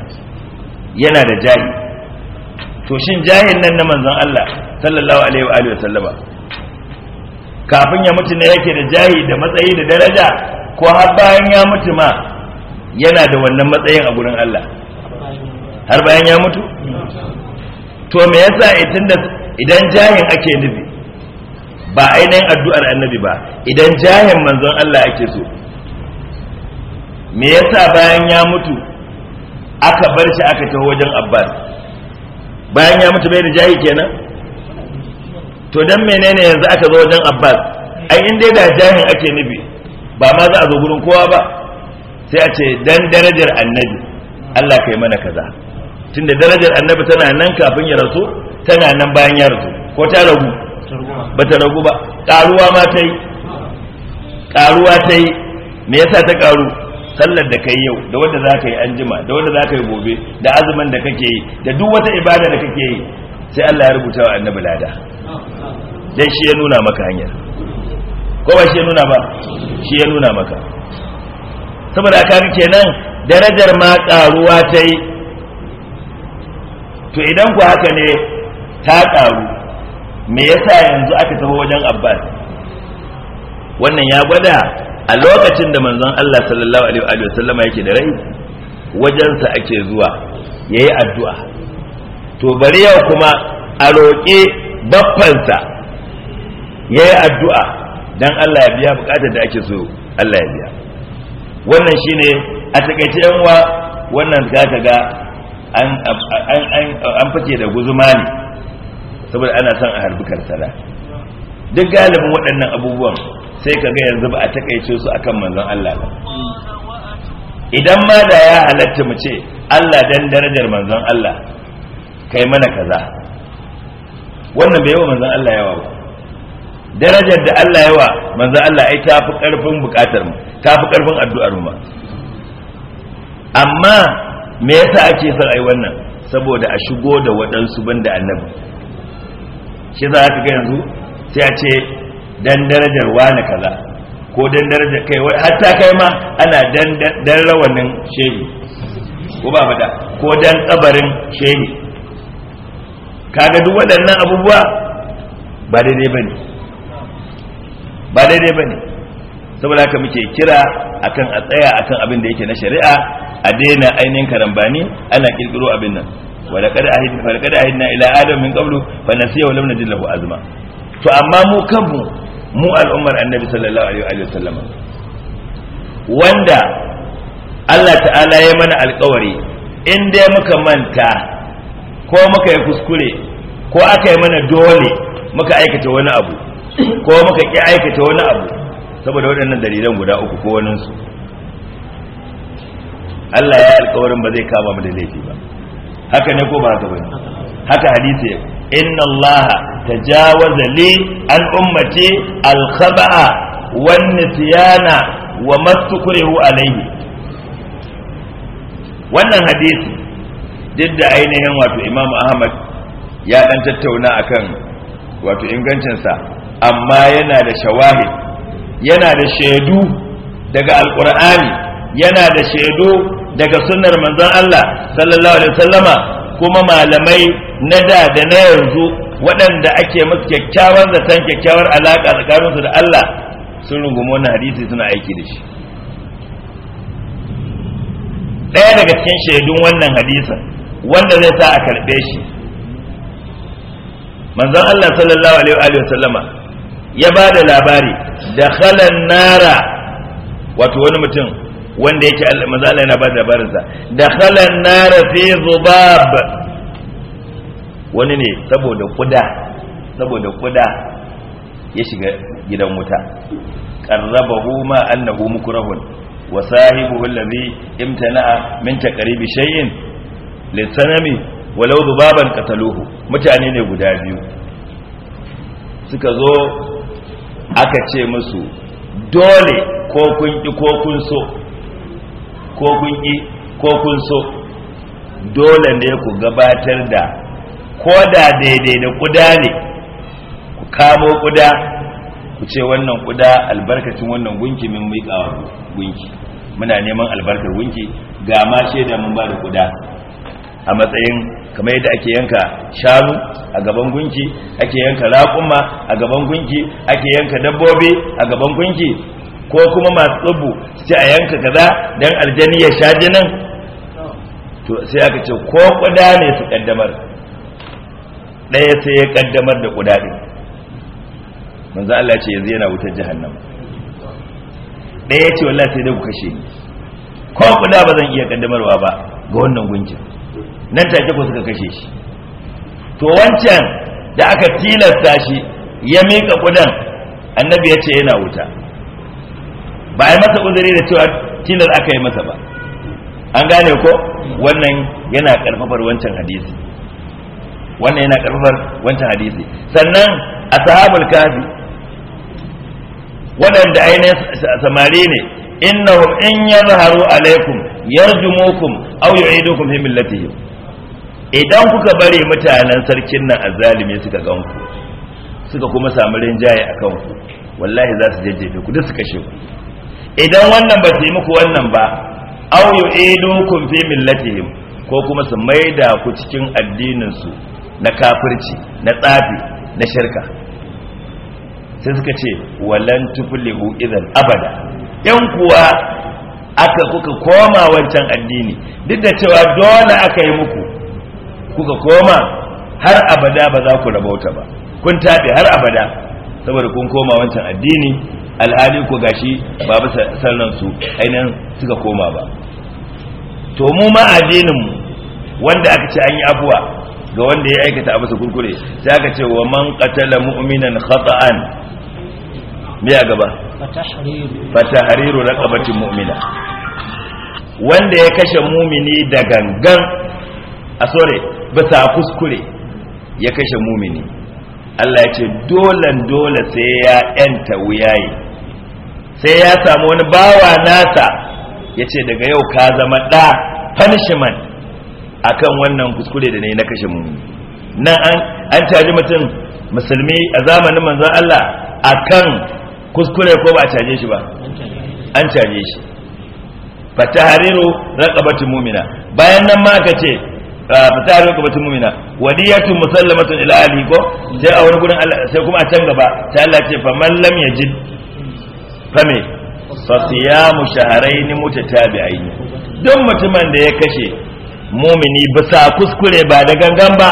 yana da jahi to shin jahil nan na manzon Allah sallallahu alaihi wa alihi sallama kafin ya mutu ne yake da jahi da matsayi da daraja ko har bayan ya mutu ma yana da wannan matsayin a gurin Allah har bayan ya mutu to me yasa eh, idan idan jahil ake nufi ba ainihin addu'ar annabi ba idan jahin manzon Allah ake so me yasa bayan ya mutu aka bar shi aka taho wajen Abbas bayan ya mutu bai da jahi kenan to dan menene yanzu aka zo wajen abbas ai in dai da jahin ake nufi ba ma za a zo gurin kowa ba sai a ce dan darajar annabi allah kai mana kaza tunda darajar annabi tana nan kafin ya rasu tana nan bayan ya rasu ko ta ragu ba ta ragu ba karuwa ma ta yi karuwa ta me yasa ta karu sallar da kai yau da wanda za ka yi anjima da wanda za ka yi gobe da azumin da kake yi da duk wata ibada da kake yi sai Allah ya rubuta wa annabi lada dan shi ya nuna maka hanyar ko ba shi ya nuna ba shi ya nuna maka saboda ga kenan darajar ma karuwa ta yi to idan ku haka ne ta karu me yasa yanzu aka tafi wajen abbas wannan ya gwada a lokacin da manzon Allah sallallahu alaihi wa sallama yake da rai wajensa ake zuwa yayi addu'a to bari yau kuma a roƙe baffansa yayi addu'a dan Allah ya biya bukatar da ake so Allah ya biya wannan shine a takaice yan uwa wannan ta ga an an an fice da guzuma ne saboda ana son a harbi sala duk galibin waɗannan abubuwan sai ka ga yanzu ba a takaice su akan manzon Allah ba idan ma da ya halatta mu ce Allah dan darajar manzon Allah kai mana kaza wannan bai yawa manzon Allah yawa ba darajar da Allah yawa manzon Allah ai tafi karfin bukatar mu tafi karfin addu'ar mu amma me yasa ake son ai wannan saboda a shigo da waɗansu banda annabi shi za ka ga yanzu sai a ce dan darajar wani kaza ko dan darajar kai hatta kai ma ana dan rawanin shehi ko ba fada ko dan tsabarin shehi kaga duk waɗannan abubuwa ba daidai bane ba daidai bane saboda haka muke kira akan a tsaya akan abin da yake na shari'a a daina ainihin karambani ana kirkiro abin nan wa laqad عهدنا ila adam min nasiya wa lam najid lahu azma to amma mu kanmu mu al'ummar annabi sallallahu alaihi wa sallama wanda Allah ta'ala ya mana alkawari in dai muka manta ko muka yi kuskure ko aka yi mana dole muka aikata wani abu ko muka ki aikata wani abu saboda waɗannan dalilan guda uku ko waninsu Allah ya alkawarin ba zai kama mu da laifi ba haka ne ko ba haka ba haka hadisi inna Allaha. tajawaza li an ummati al-khaba'a wan nisyana wa wannan hadisi duk da ainihin wato Imam Ahmad ya dan tattauna akan wato ingancinsa amma yana da shawahid yana da shaidu daga alkur'ani yana da shaidu daga sunnar manzon Allah sallallahu alaihi wasallama kuma malamai na da da na yanzu waɗanda ake kyakkyawar da zaton kyakkyawar alaƙa tsakaninsu da Allah sun rungumi wannan hadisi suna aiki da shi ɗaya daga cikin shaidun wannan hadisin wanda zai sa a karɓe shi manzon Allah sallallahu alaihi wa sallama ya ba da labari da khalan nara wato wani mutum wanda yake manzon Allah yana ba da labarinsa da khalan nara fi zubab wani ne saboda kuda saboda kuda ya shiga gidan wuta qarrabahu ma annahu mukrahun wa sahibuhu allazi imtana'a min taqribi shay'in litsanami walau dubaban qataluhu mutane ne guda biyu suka zo aka ce musu dole ko kun ki ko kun so ko kun ki ko kun so dole ne ku gabatar da ko da daidai da kuda ne ku kamo kuda ku ce wannan kuda albarkacin wannan gunki min miƙawa gunki muna neman albarkar gunki ga ma shaida mun ba da kuda a matsayin kamar yadda ake yanka shanu a gaban gunki ake yanka raƙuma a gaban gunki ake yanka dabbobi a gaban gunki ko kuma masu tsubu sai a yanka kaza don aljani ya sha jinin to sai aka ce ko kuda ne su kaddamar ɗaya sai ya kaddamar da guda manzo Allah ce yanzu yana wutar jahannama ɗaya ce wallahi sai dai ku kashe ni ko kuda ba zan iya kaddamarwa ba ga wannan gunjin nan take ko suka kashe shi to wancan da aka tilasta shi ya mika kudan annabi ya ce yana wuta ba yi masa uzuri da cewa tilar aka yi masa ba an gane ko wannan yana karfafar wancan hadisi wannan yana karfafar wancan hadisi sannan ashabul kafi waɗanda ainihin samari ne innahum in yazharu alaikum yarjumukum aw yu'idukum fi millatihim idan kuka bare mutanen sarkin nan azzalimi suka ganku suka kuma samu rinjaye a kanku wallahi za su jajjefe ku duk su kashe ku idan wannan ba su yi muku wannan ba aw yu'idukum fi millatihim ko kuma su maida ku cikin addinin su na kafirci na tsafi na shirka sai suka ce walan tuflihu idan abada yan kuwa aka kuka koma wancan addini duk da cewa dole aka yi muku kuka koma har abada ba za ku rabauta ba kun taɓe har abada saboda kun koma wancan addini alhali ku gashi ba bisa su ainihin suka koma ba to mu ma addininmu wanda aka ce an yi abuwa ga wanda ya aikata abu su kurkure sai aka ce wa man qatala mu'minan khata'an me ya gaba fatahriru raqabati mu'mina wanda ya kashe mumini da gangan a sore bisa kuskure ya kashe mumini Allah ya ce dolan dole sai ya yanta wuyaye sai ya samu wani bawa nasa ya ce daga yau ka zama ɗa punishment akan wannan kuskure da ne na kashe mu nan an caji mutum musulmi a zamanin manzon Allah akan kuskure ko ba a caje shi ba an caje shi fatahariru raqabatu mu'mina bayan nan ma aka ce ah, fatahariru raqabatu mu'mina wadiyatu musallamatun ila ahli ko sai a wani gurin Allah sai kuma a can gaba sai Allah ce fa man lam yajid fa me fa siyamu shahrayn mutatabi'ain don mutumin da ya kashe mumini bisa kuskure ba da gangan ba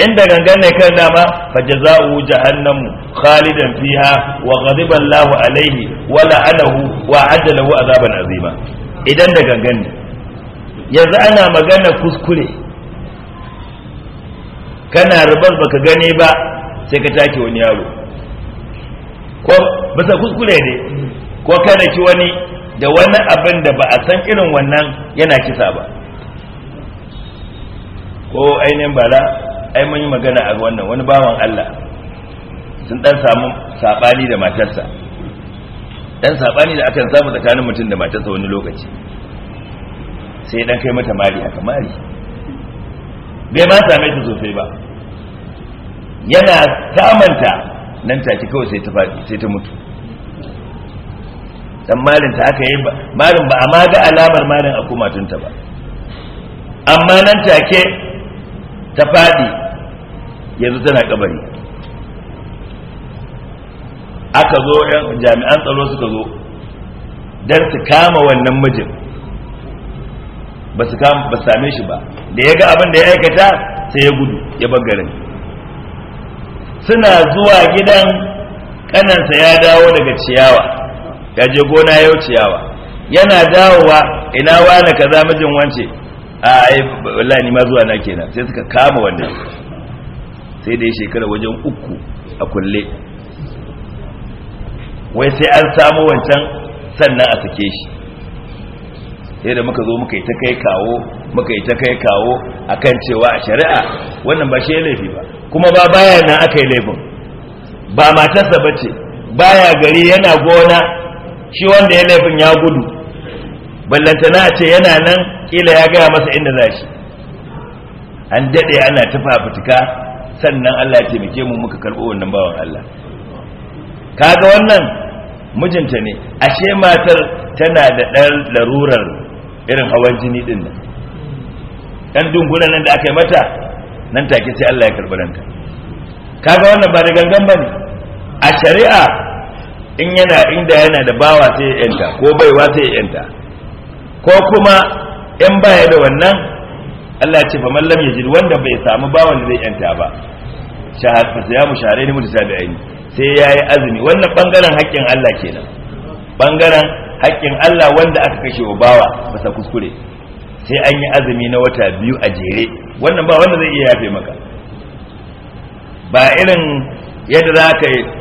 inda gangan ne kan dama fa jazaa'u jahannamu khalidan fiha wa ghadiba Allahu alaihi wa la'anahu wa adalahu azaban azima idan da gangan ne yanzu ana magana kuskure kana rubar baka gane ba sai ka take wani yaro ko bisa kuskure ne ko kana ki wani da wani abin da ba a san irin wannan yana kisa ba ko ainihin bara ai mun yi magana a wannan wani bawan Allah sun dan samu sabani da matarsa dan sabani da akan samu tsakanin mutum da matarsa wani lokaci sai dan kai mata mari aka mari bai ma same ta sosai ba yana samanta nan take kawai sai ta sai ta mutu dan malin ta aka yi ba malin ba amma ga alamar malin a tunta ba amma nan take ta faɗi yanzu tana kabari aka zo jami'an tsaro suka zo don su kama wannan mijin ba su same shi ba da ya ga abin da ya aikata sai ya gudu ya garin suna zuwa gidan kanansa ya dawo daga ciyawa ya je gona yau ciyawa yana dawowa ina wani kaza mijin wance a ai wallahi ni ma zuwa na kenan sai suka kama wannan sai da shekara wajen uku a kulle wai sai an samu wancan sannan a sake shi sai da muka zo muka yi ta kai kawo muka yi ta kai kawo akan cewa a shari'a wannan ba shi ya laifi ba kuma ba baya aka yi laifin ba matarsa ba ce baya gari yana gona shi wanda ya laifin ya gudu ballantana ce yana nan kila ya gaya masa inda za shi an daɗe ana tafa fituka sannan Allah ya taimake mu muka karɓo wannan bawan Allah kaga wannan mijinta ne ashe matar tana da ɗan larurar irin hawan jini ɗin nan ɗan dungunan nan da aka yi mata nan take sai Allah ya karɓi ranka kaga wannan ba da gangan ba ne a shari'a in yana inda yana da bawa sai ya yanta ko baiwa sai ya yanta ko kuma in baya da wannan Allah ce fa mallam yajid wanda bai samu ba wanda zai yanta ba shahar fa siyamu shahrayn mutasabi'ain sai yayi azumi wannan bangaren haƙƙin Allah kenan bangaren haƙƙin Allah wanda aka kashe wa bawa masa kuskure sai an yi azumi na wata biyu a jere wannan ba wanda zai iya yafe maka ba irin yadda za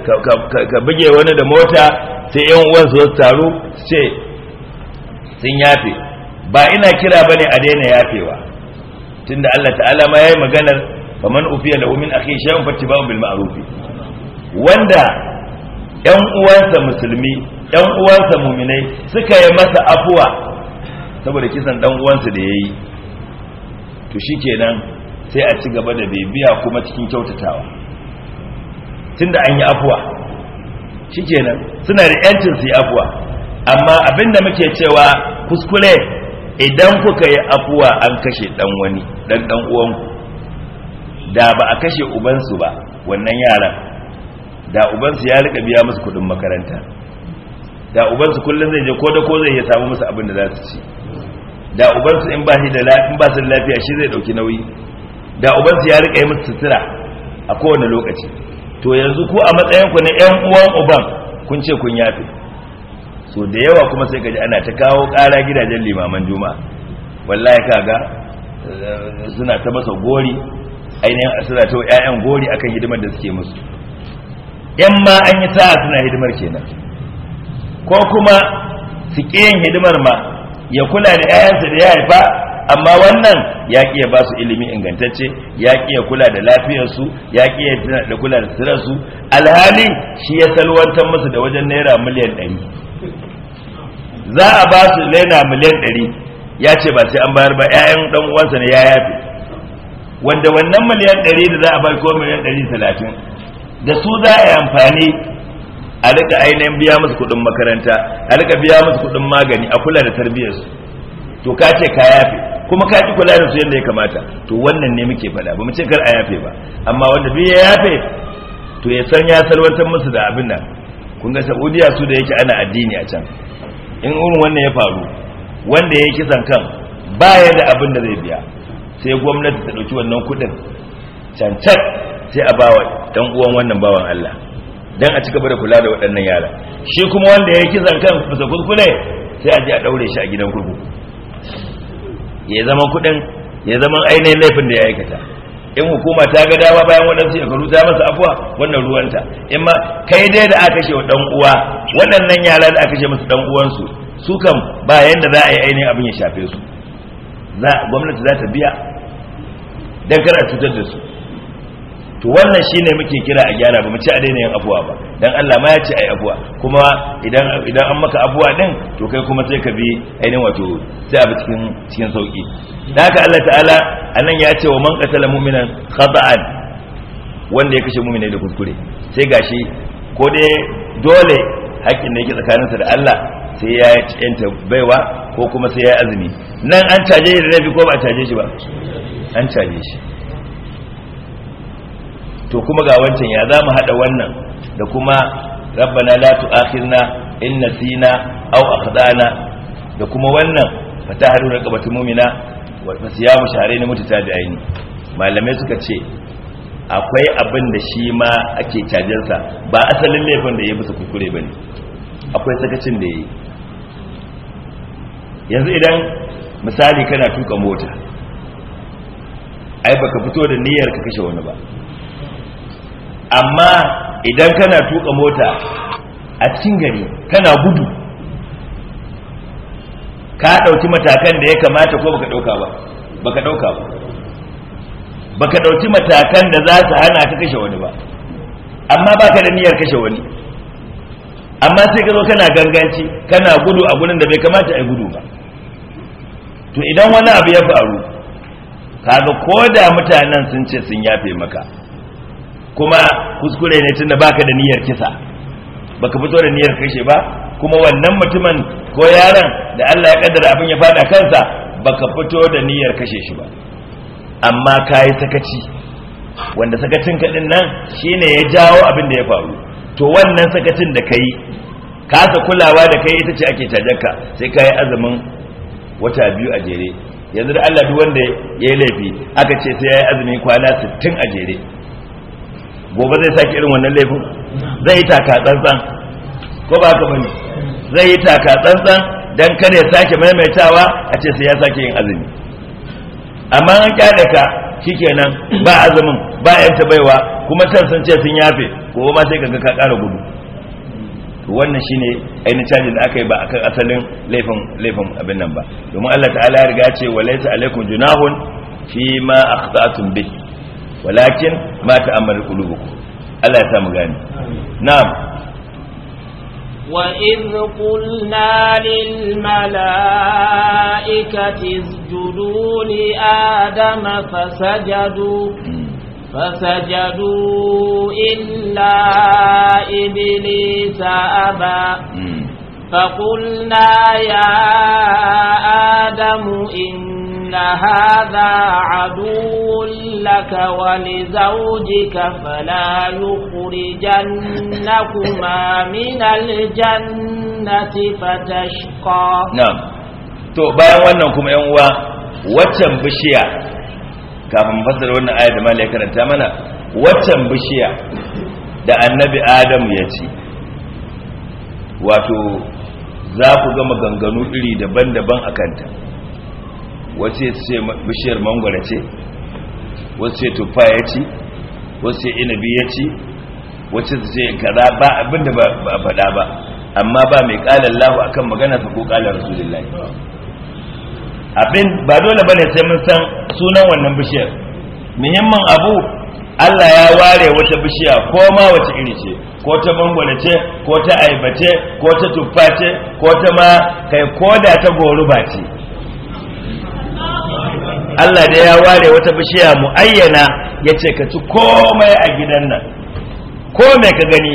ka ka buge wani da mota sai yan uwan su taru sai sun yafe ba ina kira bane a daina yafewa tunda Allah ta'ala ma yayi maganar faman ufiya lahu min akhi shay'un fattiba'u bil ma'ruf wanda yan uwansa musulmi yan uwansa muminai suka yi masa afuwa saboda kisan dan uwansa da yayi to shikenan sai a ci gaba da bibiya kuma cikin kyautatawa tunda an yi afuwa shikenan suna da yancin su yi afuwa amma abinda muke cewa kuskure idan kuka yi afuwa an kashe dan wani dan dan uwanku da ba a kashe ubansu ba wannan yaran da ubansu ya rika biya musu kudin makaranta da ubansu kullum zai je ko da ko zai ya samu musu abin da za su ci da ubansu in ba shi da in ba su lafiya shi zai dauki nauyi da ubansu ya rika yi musu sutura a kowane lokaci to yanzu ku a matsayin ku na yan uwan uban kun ce kun yafi to da yawa kuma sai ka ji ana ta kawo ƙara gidajen limaman juma'a wallahi kaga eh, suna ta masa gori ainihin suna ta ƴaƴan gori akan hidimar da suke musu yan ma an yi sa'a suna hidimar kenan ko kuma su yin hidimar ma ya kula da ƴaƴansa da ya haifa amma wannan ya ƙi ba su ilimi ingantacce ya ƙi kula da lafiyarsu ya ƙi da kula da tsirarsu alhali shi ya salwantar musu da wajen naira miliyan ɗari za a ba su laina miliyan ɗari ya ce ba sai an bayar ba 'ya'yan ɗan uwansa ne ya yafe wanda wannan miliyan ɗari da za a bai ko miliyan ɗari talatin da su za a yi amfani a rika ainihin biya musu kuɗin makaranta a rika biya musu kuɗin magani a kula da tarbiyyarsu to ka ce ka yafe kuma ka ki kula da su yadda ya kamata to wannan ne muke faɗa ba mu ce kar a yafe ba amma wanda duk ya yafe to ya san ya salwantar musu da abin nan kun ga saudiya su da yake ana addini a can in irin wannan ya faru wanda ya yi kisan kan baya da abin da zai biya sai gwamnati ta ɗauki wannan kudin cancan sai a bawa ɗan uwan wannan bawan Allah don a cika da kula da waɗannan yara shi kuma wanda ya yi kisan kan bisa kuskure sai a je a ɗaure shi a gidan kurkuku ya zama kudin ya zama ainihin laifin da ya aikata in hukuma ta ga dama bayan waɗansu shekaru ta masa afuwa wannan ruwanta in ma kai dai da aka ce wa dan uwa waɗannan yara da aka ce musu dan uwansu su kan ba yanda za a yi ainihin abin ya shafe su gwamnati za ta biya don kar a cutar da su to wannan shine muke kira a gyara ba mu ci a daina yin abuwa ba dan Allah ma ya ce ai abuwa kuma idan idan an maka abuwa din to kai kuma sai ka bi ainihin wato sai abu cikin cikin sauki dan haka Allah ta'ala anan ya ce wa man qatala mu'minan khata'an wanda ya kashe mu'mini da kuskure sai gashi ko dai dole haƙƙin da yake tsakaninsa da Allah sai ya yi tsanta baiwa ko kuma sai ya azumi nan an caje shi da rabi ko ba a caje shi ba an caje shi to kuma ga wancan ya za mu haɗa wannan da kuma rabbana la tu'akhirna in nasina aw akhdana da kuma wannan na raqabatu mu'mina wa fasiyamu shahrayn aini. malamai suka ce akwai abin da shi ma ake cajin sa ba asalin laifin da ya bisa kukure bane akwai sakacin da yayi yanzu idan misali kana tuka mota ai baka fito da niyyar ka kashe wani ba amma idan kana tuka mota a cikin gari kana gudu ka ɗauki matakan da ya kamata ko baka ɗauka ba baka dauka ba baka ɗauki matakan da za su hana ka kashe wani ba amma baka da niyyar kashe wani amma sai ka zo kana ganganci kana gudu a gurin da bai kamata a gudu ba to idan wani abu ya faru kaga ko da mutanen sun ce sun yafe maka kuma kuskure ne tunda baka da niyyar kisa baka fito da niyyar kashe ba kuma wannan mutumin ko yaron da Allah ya kaddara abin ya fada kansa baka fito da niyyar kashe shi ba amma kai sakaci wanda sakacin ka din nan shine ya jawo abin da ya faru to wannan sakacin da kai kasa kulawa da kai ita ce ake tajarka sai kayi azumin wata biyu a jere yanzu da Allah duk wanda ya yi laifi aka ce sai yayi yi azumi kwana 60 a jere gobe zai sake irin wannan laifin zai yi taka tsantsan ko ba ka bane zai yi taka tsantsan dan kada ya sake maimaitawa a ce sai ya sake yin azumi amma an kyaɗe ka shikenan ba azumin ba ta baiwa kuma can sun ce sun yafe gobe ma sai ka ga ka ƙara gudu wannan shine ainihin cajin da aka yi ba akan asalin laifin laifin abin nan ba domin Allah ta'ala ya riga ce wa laysa alaikum junahun fi ma akhta'tum bihi walakin ma ta'ammal qulubukum Allah ya sa mu gane na'am وإذ قلنا للملائكة اسجدوا لآدم فسجدوا فسجدوا إلا إبليس أبى فقلنا يا آدم إن إن هذا عدو لك ولزوجك فلا يخرجنكما من الجنة فتشقى نعم تو bayan wannan kuma yan uwa waccan bishiya kafin fassara wannan aya karanta mana waccan bishiya da annabi Adamu ya ci wato za ku ga maganganu iri daban-daban a kanta wace ce bishiyar mangwara ce wace tufa ya ci wace inabi ya ci wace ce kaza ba abinda ba a faɗa ba amma ba mai ƙalar lahu akan magana ta ko ƙalar rasulullahi abin ba dole bane sai mun san sunan wannan bishiyar muhimman abu Allah ya ware wata bishiya ko ma wace iri ce ko ta mangwale ce ko ta aibace ko ta tuffa ce ko ta ma kai koda ta goruba ce Allah da ya ware wata bishiya mu ayyana ya ce ka ci komai a gidan nan ko ka gani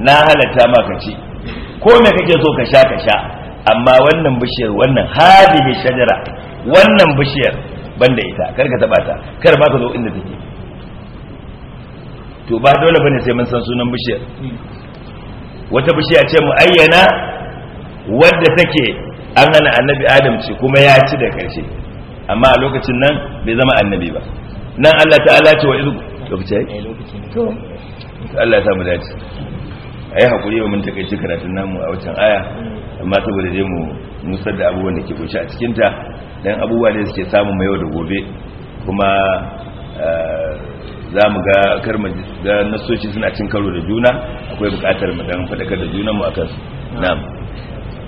na halatta maka ci ko mai kake so ka sha ka sha amma wannan bishiyar wannan hadihi shajara wannan bishiyar banda ita kar ka taba ta kar ma ka zo inda take to ba dole bane sai mun san sunan bishiyar wata bishiya ce mu ayyana wadda take an hana annabi adam ce kuma ya ci da karshe amma a lokacin nan bai zama annabi ba nan Allah ta'ala ce wa izu lokaci ai eh, to Allah ta mu dace ai hakuri wa mun takeice karatun namu a wancan aya amma saboda dai mu nusar da abubuwan da ke kunshi a cikin ta dan abubuwa ne suke samu mai yau da gobe kuma eh, za mu ga karma ga nasoci suna cin karo da juna akwai bukatar mu dan fadakar da junanmu akan su na'am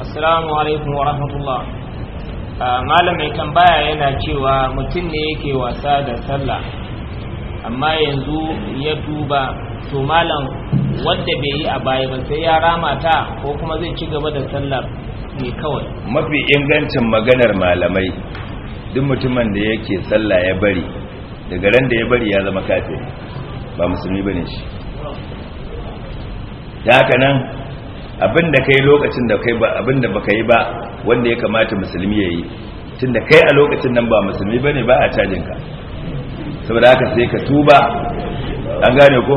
assalamu alaikum wa rahmatullah malamai tambaya yana cewa mutum ne yake wasa da sallah amma yanzu ya duba to malam wanda bai yi a baya ba sai ya rama ta ko kuma zai ci gaba da sallah ne kawai mafi ingancin maganar malamai duk mutumin da yake sallah ya bari daga ran da ya bari ya zama kafin ba musulmi bane shi da haka nan abin da kai lokacin da kai ba abin da baka yi ba wanda ya kamata musulmi ya yi tunda kai a lokacin nan ba musulmi bane ba a cajin ka saboda haka sai ka tuba an gane ko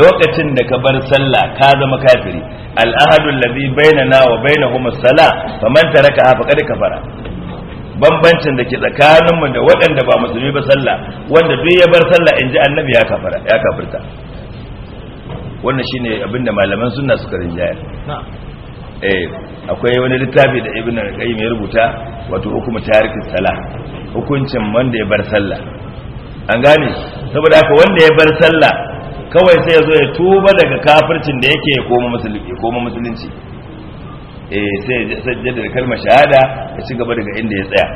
lokacin da ka bar sallah ka zama kafiri al'ahadu allazi bainana wa bainahum as-salah faman taraka qad kafara bambancin da ke tsakaninmu da waɗanda ba musulmi ba sallah wanda duk ya bar sallah in ji annabi ya kafara ya kafirta wannan shine abinda malaman sunna suka rinjaya eh akwai wani littafi da ibnu qayyim ya rubuta wato hukumu tarikin salah hukuncin wanda ya bar sallah an gane saboda haka wanda ya bar sallah kawai sai ya zo ya tuba daga kafircin da yake ya koma musulmi ya koma musulunci eh sai ya sajjada da kalmar shahada ya ci gaba daga inda ya tsaya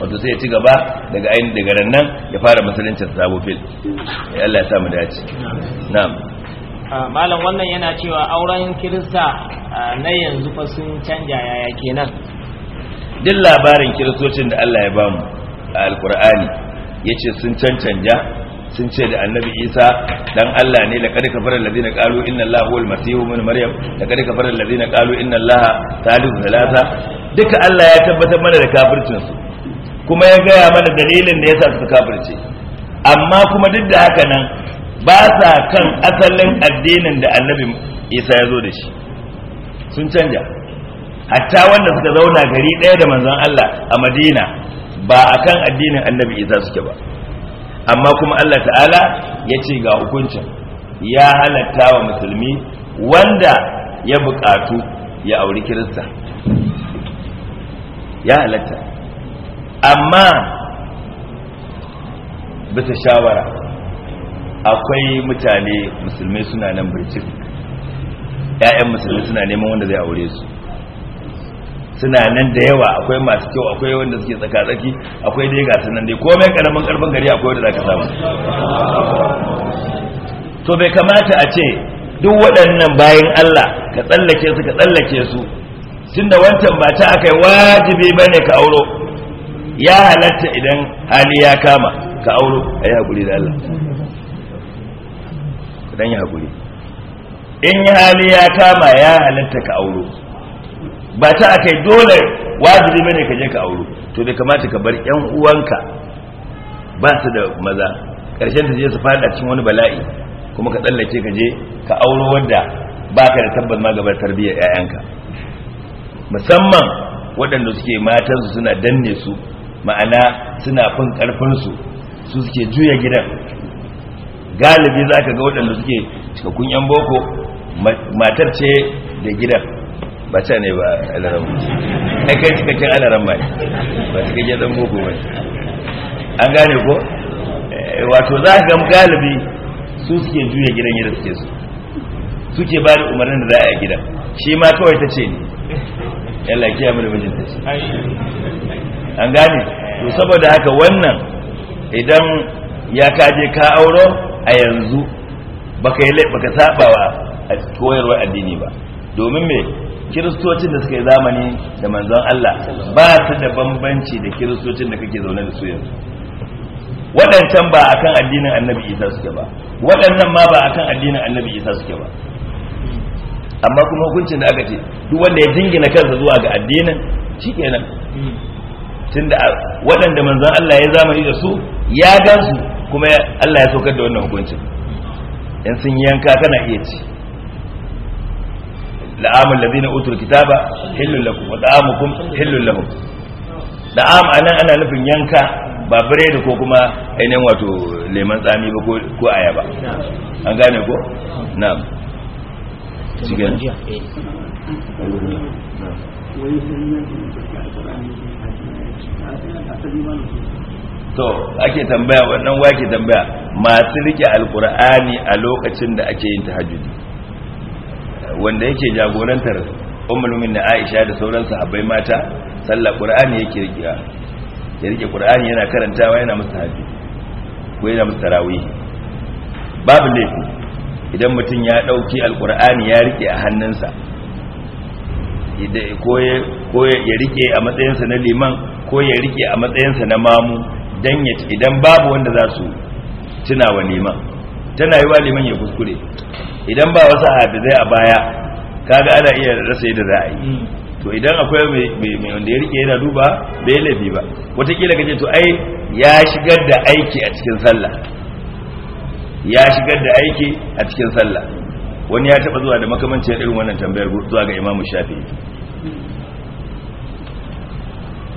wato sai ya ci gaba daga ainihin daga nan ya fara musulunci sabofil fil ya eh, Allah ya sa mu dace na'am Ah, malam wannan yana cewa auren kirista ah, na yanzu fa sun canja yaya kenan duk labarin kiristocin da Allah ya bamu a alkur'ani yace sun cancanja sun ce da annabi isa dan Allah ne laqad kafara allazina qalu inna allaha huwal masihu min maryam laqad kafara allazina qalu inna allaha thalithu thalatha duka Allah ya tabbatar mana da kafircin su kuma ya gaya mana dalilin da yasa su kafirce amma kuma duk da haka nan ba sa kan asalin addinin da annabi isa ya zo da shi sun canja hatta wanda suka zauna gari ɗaya da manzon Allah a madina ba a kan addinin annabi isa suke ba amma kuma Allah ta'ala ya ce ga hukuncin ya halatta wa musulmi wanda ya buƙatu ya auri kirista ya halatta amma bisa shawara akwai mutane musulmai suna nan bircik ‘ya'yan musulmi suna neman wanda zai aure su suna nan da yawa akwai masu kyau akwai wanda suke tsaka-tsaki akwai dai ga sunan dai komai karamin karfin gari akwai wanda za ka samu to bai kamata a ce duk waɗannan bayan Allah ka tsallake su ka tsallake su tun da wancan ba ta aka yi wajibi ba ne ka auro ya halatta idan hali ya kama ka auro a yi da Allah dan ya haƙuri in yi hali ya kama ya halatta ka auro ba ta a kai dole wajibi ne ka je ka auro to dai kamata ka bar yan uwanka ba su da maza karshen ta je su fada cikin wani bala'i kuma ka tsallake ka je ka auro wanda ka da tabbas magabar tarbiyyar 'ya'yanka musamman waɗanda suke matansu suna danne su ma'ana suna fin ƙarfinsu su suke juya gidan galibi za ka ga waɗanda suke cikakkun yan boko matar ce da gidan ba ta ne ba alaran ba ai kai cikakken alaran ba ne ba cikakken dan boko ba an gane ko eh, wato za ka ga galibi su suke juya gidan yadda suke su suke ba da umarnin da za a yi gidan shi ma kawai ta ce ne yalla kiya mu da mijinta ce an gane to saboda haka wannan idan ya kaje ka auro a yanzu baka yi baka a koyarwar addini ba domin me kiristocin da suka yi zamani da manzon Allah ba su da bambanci da kiristocin da kake zaune da su yanzu waɗancan ba akan addinin annabi isa suke ba waɗannan ma ba akan addinin annabi isa suke ba amma kuma hukuncin da aka ce duk wanda ya jingina kansa zuwa ga addinin kenan tunda waɗanda manzon Allah ya zamani da su ya gansu kuma Allah ya saukar da wannan hukuncin in sun yanka kana iya ci la'amul ladina utul kitaba hillul lakum wa ta'amukum hillul lahum da'am anan ana nufin yanka ba biredi ko kuma ainihin wato leman tsami ba ko ayaba an gane ko na'am cikin wani yankin da ke alkur'ani to ake tambaya wannan wake tambaya masu rike alkur'ani a lokacin da ake yin tahajjudi wanda yake jagorantar ummul mu'minin Aisha da sauran sahabbai mata sallar qur'ani yake rikiya ya rike qur'ani yana karantawa yana musu tahajjudi ko yana musu tarawih babu laifi idan mutum ya dauki alkur'ani ya rike a hannunsa ko ya rike a matsayinsa na liman ko ya rike a matsayinsa na mamu dan ya idan babu wanda za su tuna wa liman tana yi wa liman ya kuskure idan ba wasu hafizai a baya kaga ana iya rasa yadda za a yi hmm. to idan akwai mai wanda ya rike yana duba bai laifi ba watakila ce to ai ya shigar da aiki a cikin sallah ya shigar da aiki a cikin sallah wani ya taba zuwa da makamancin irin wannan tambayar zuwa ga imamu shafi'i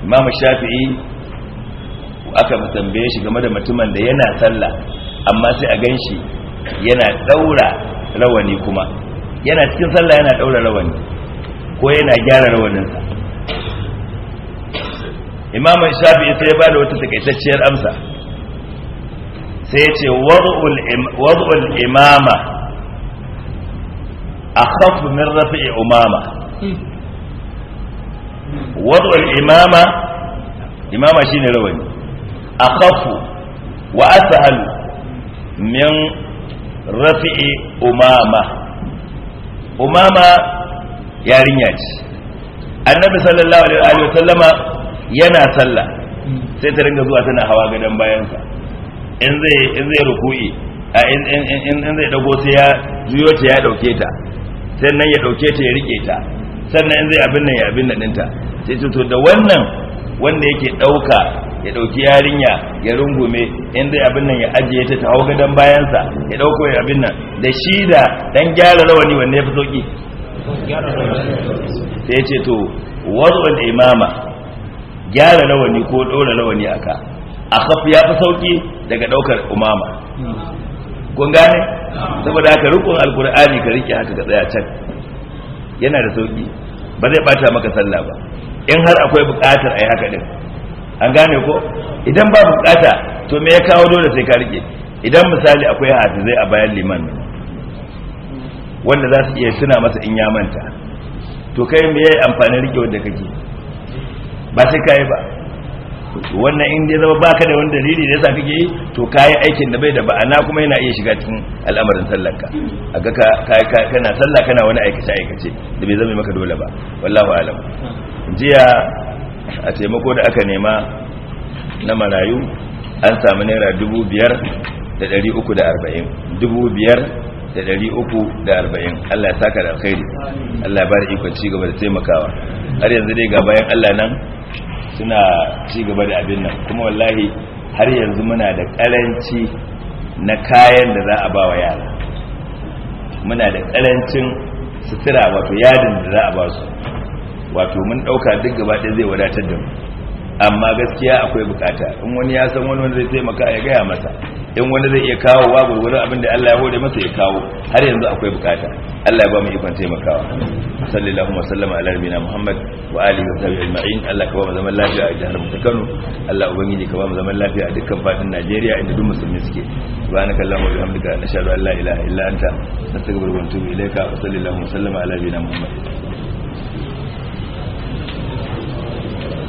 imamu shafi'i aka tambaye shi game da mutumin da yana sallah amma sai a ganshi yana daura rawani kuma yana cikin sallah yana daura rawani ko yana gyara rawaninsa imam shafi'i sai ya bada wata takaitacciyar amsa sai ya ce wad'ul imama akhaf min rafi'i umama hmm. wad'ul imama imama shine rawani akhafu wa ashalu min rafi'i umama umama yarinya ce annabi sallallahu alaihi wa sallama yana sallah sai ta ringa zuwa tana hawa gadon bayansa in zai in zai ruku'i a in in zai dago sai ya juyo ta ya dauke ta sannan ya dauke ta ya rike ta sannan in zai abin nan ya abin nan ɗinta sai to da wannan wanda yake dauka ya dauki yarinya ya rungume in dai abin nan ya ajiye ta ta gadan bayansa ya dauko ya abin nan da shi da dan gyara rawani wanne ya fi sauki sai ce to wadda imama gyara rawani ko dora rawani aka akaf ya fi sauki daga daukar umama kun gane saboda haka rukun alkur'ani ka rike haka ka tsaya can yana da sauki ba zai bata maka sallah ba in har akwai bukatar yi haka din an gane ko idan ba bukata to me ya kawo dole sai ka rike idan misali akwai hafizai a bayan liman wanda za su iya tuna masa in ya manta to kai me yayi amfani rike wanda kake ba sai kai ba wannan in dai zama baka da wani dalili da yasa kake yi to kai aikin da bai da ba'ana kuma yana iya shiga cikin al'amarin sallarka aga ka kai kana sallah kana wani aikace aikace da bai zama maka dole ba wallahu alam jiya a taimako da aka nema na marayu an samu naira dubu biyar da dari uku da arba'in dubu biyar da dari uku da arba'in allah ya saka da alkhairi allah ya bada ikon cigaba da taimakawa har yanzu dai ga bayan allah nan suna ci gaba da abin nan kuma wallahi har yanzu muna da karanci na kayan da za a ba wa yara muna da karancin sutura wato yadin da za a ba su wato mun ɗauka duk gaba ɗaya zai wadatar da mu amma gaskiya akwai bukata in wani ya san wani wanda zai taimaka ya gaya masa in wani zai iya kawo wa gurgurin abin da Allah ya hore masa ya kawo har yanzu akwai bukata Allah ya ba mu ikon taimakawa sallallahu alaihi wasallam ala nabiyina Muhammad wa alihi wa sahbihi ajma'in Allah ka ba mu zaman lafiya a jihar mu ta Kano Allah ubangiji ka ba mu zaman lafiya a dukkan fadin Najeriya inda duk musulmi suke subhanaka allahumma wa bihamdika nashhadu an la ilaha illa anta nastaghfiruka wa natubu ilayka sallallahu alaihi wa sallam ala nabiyina Muhammad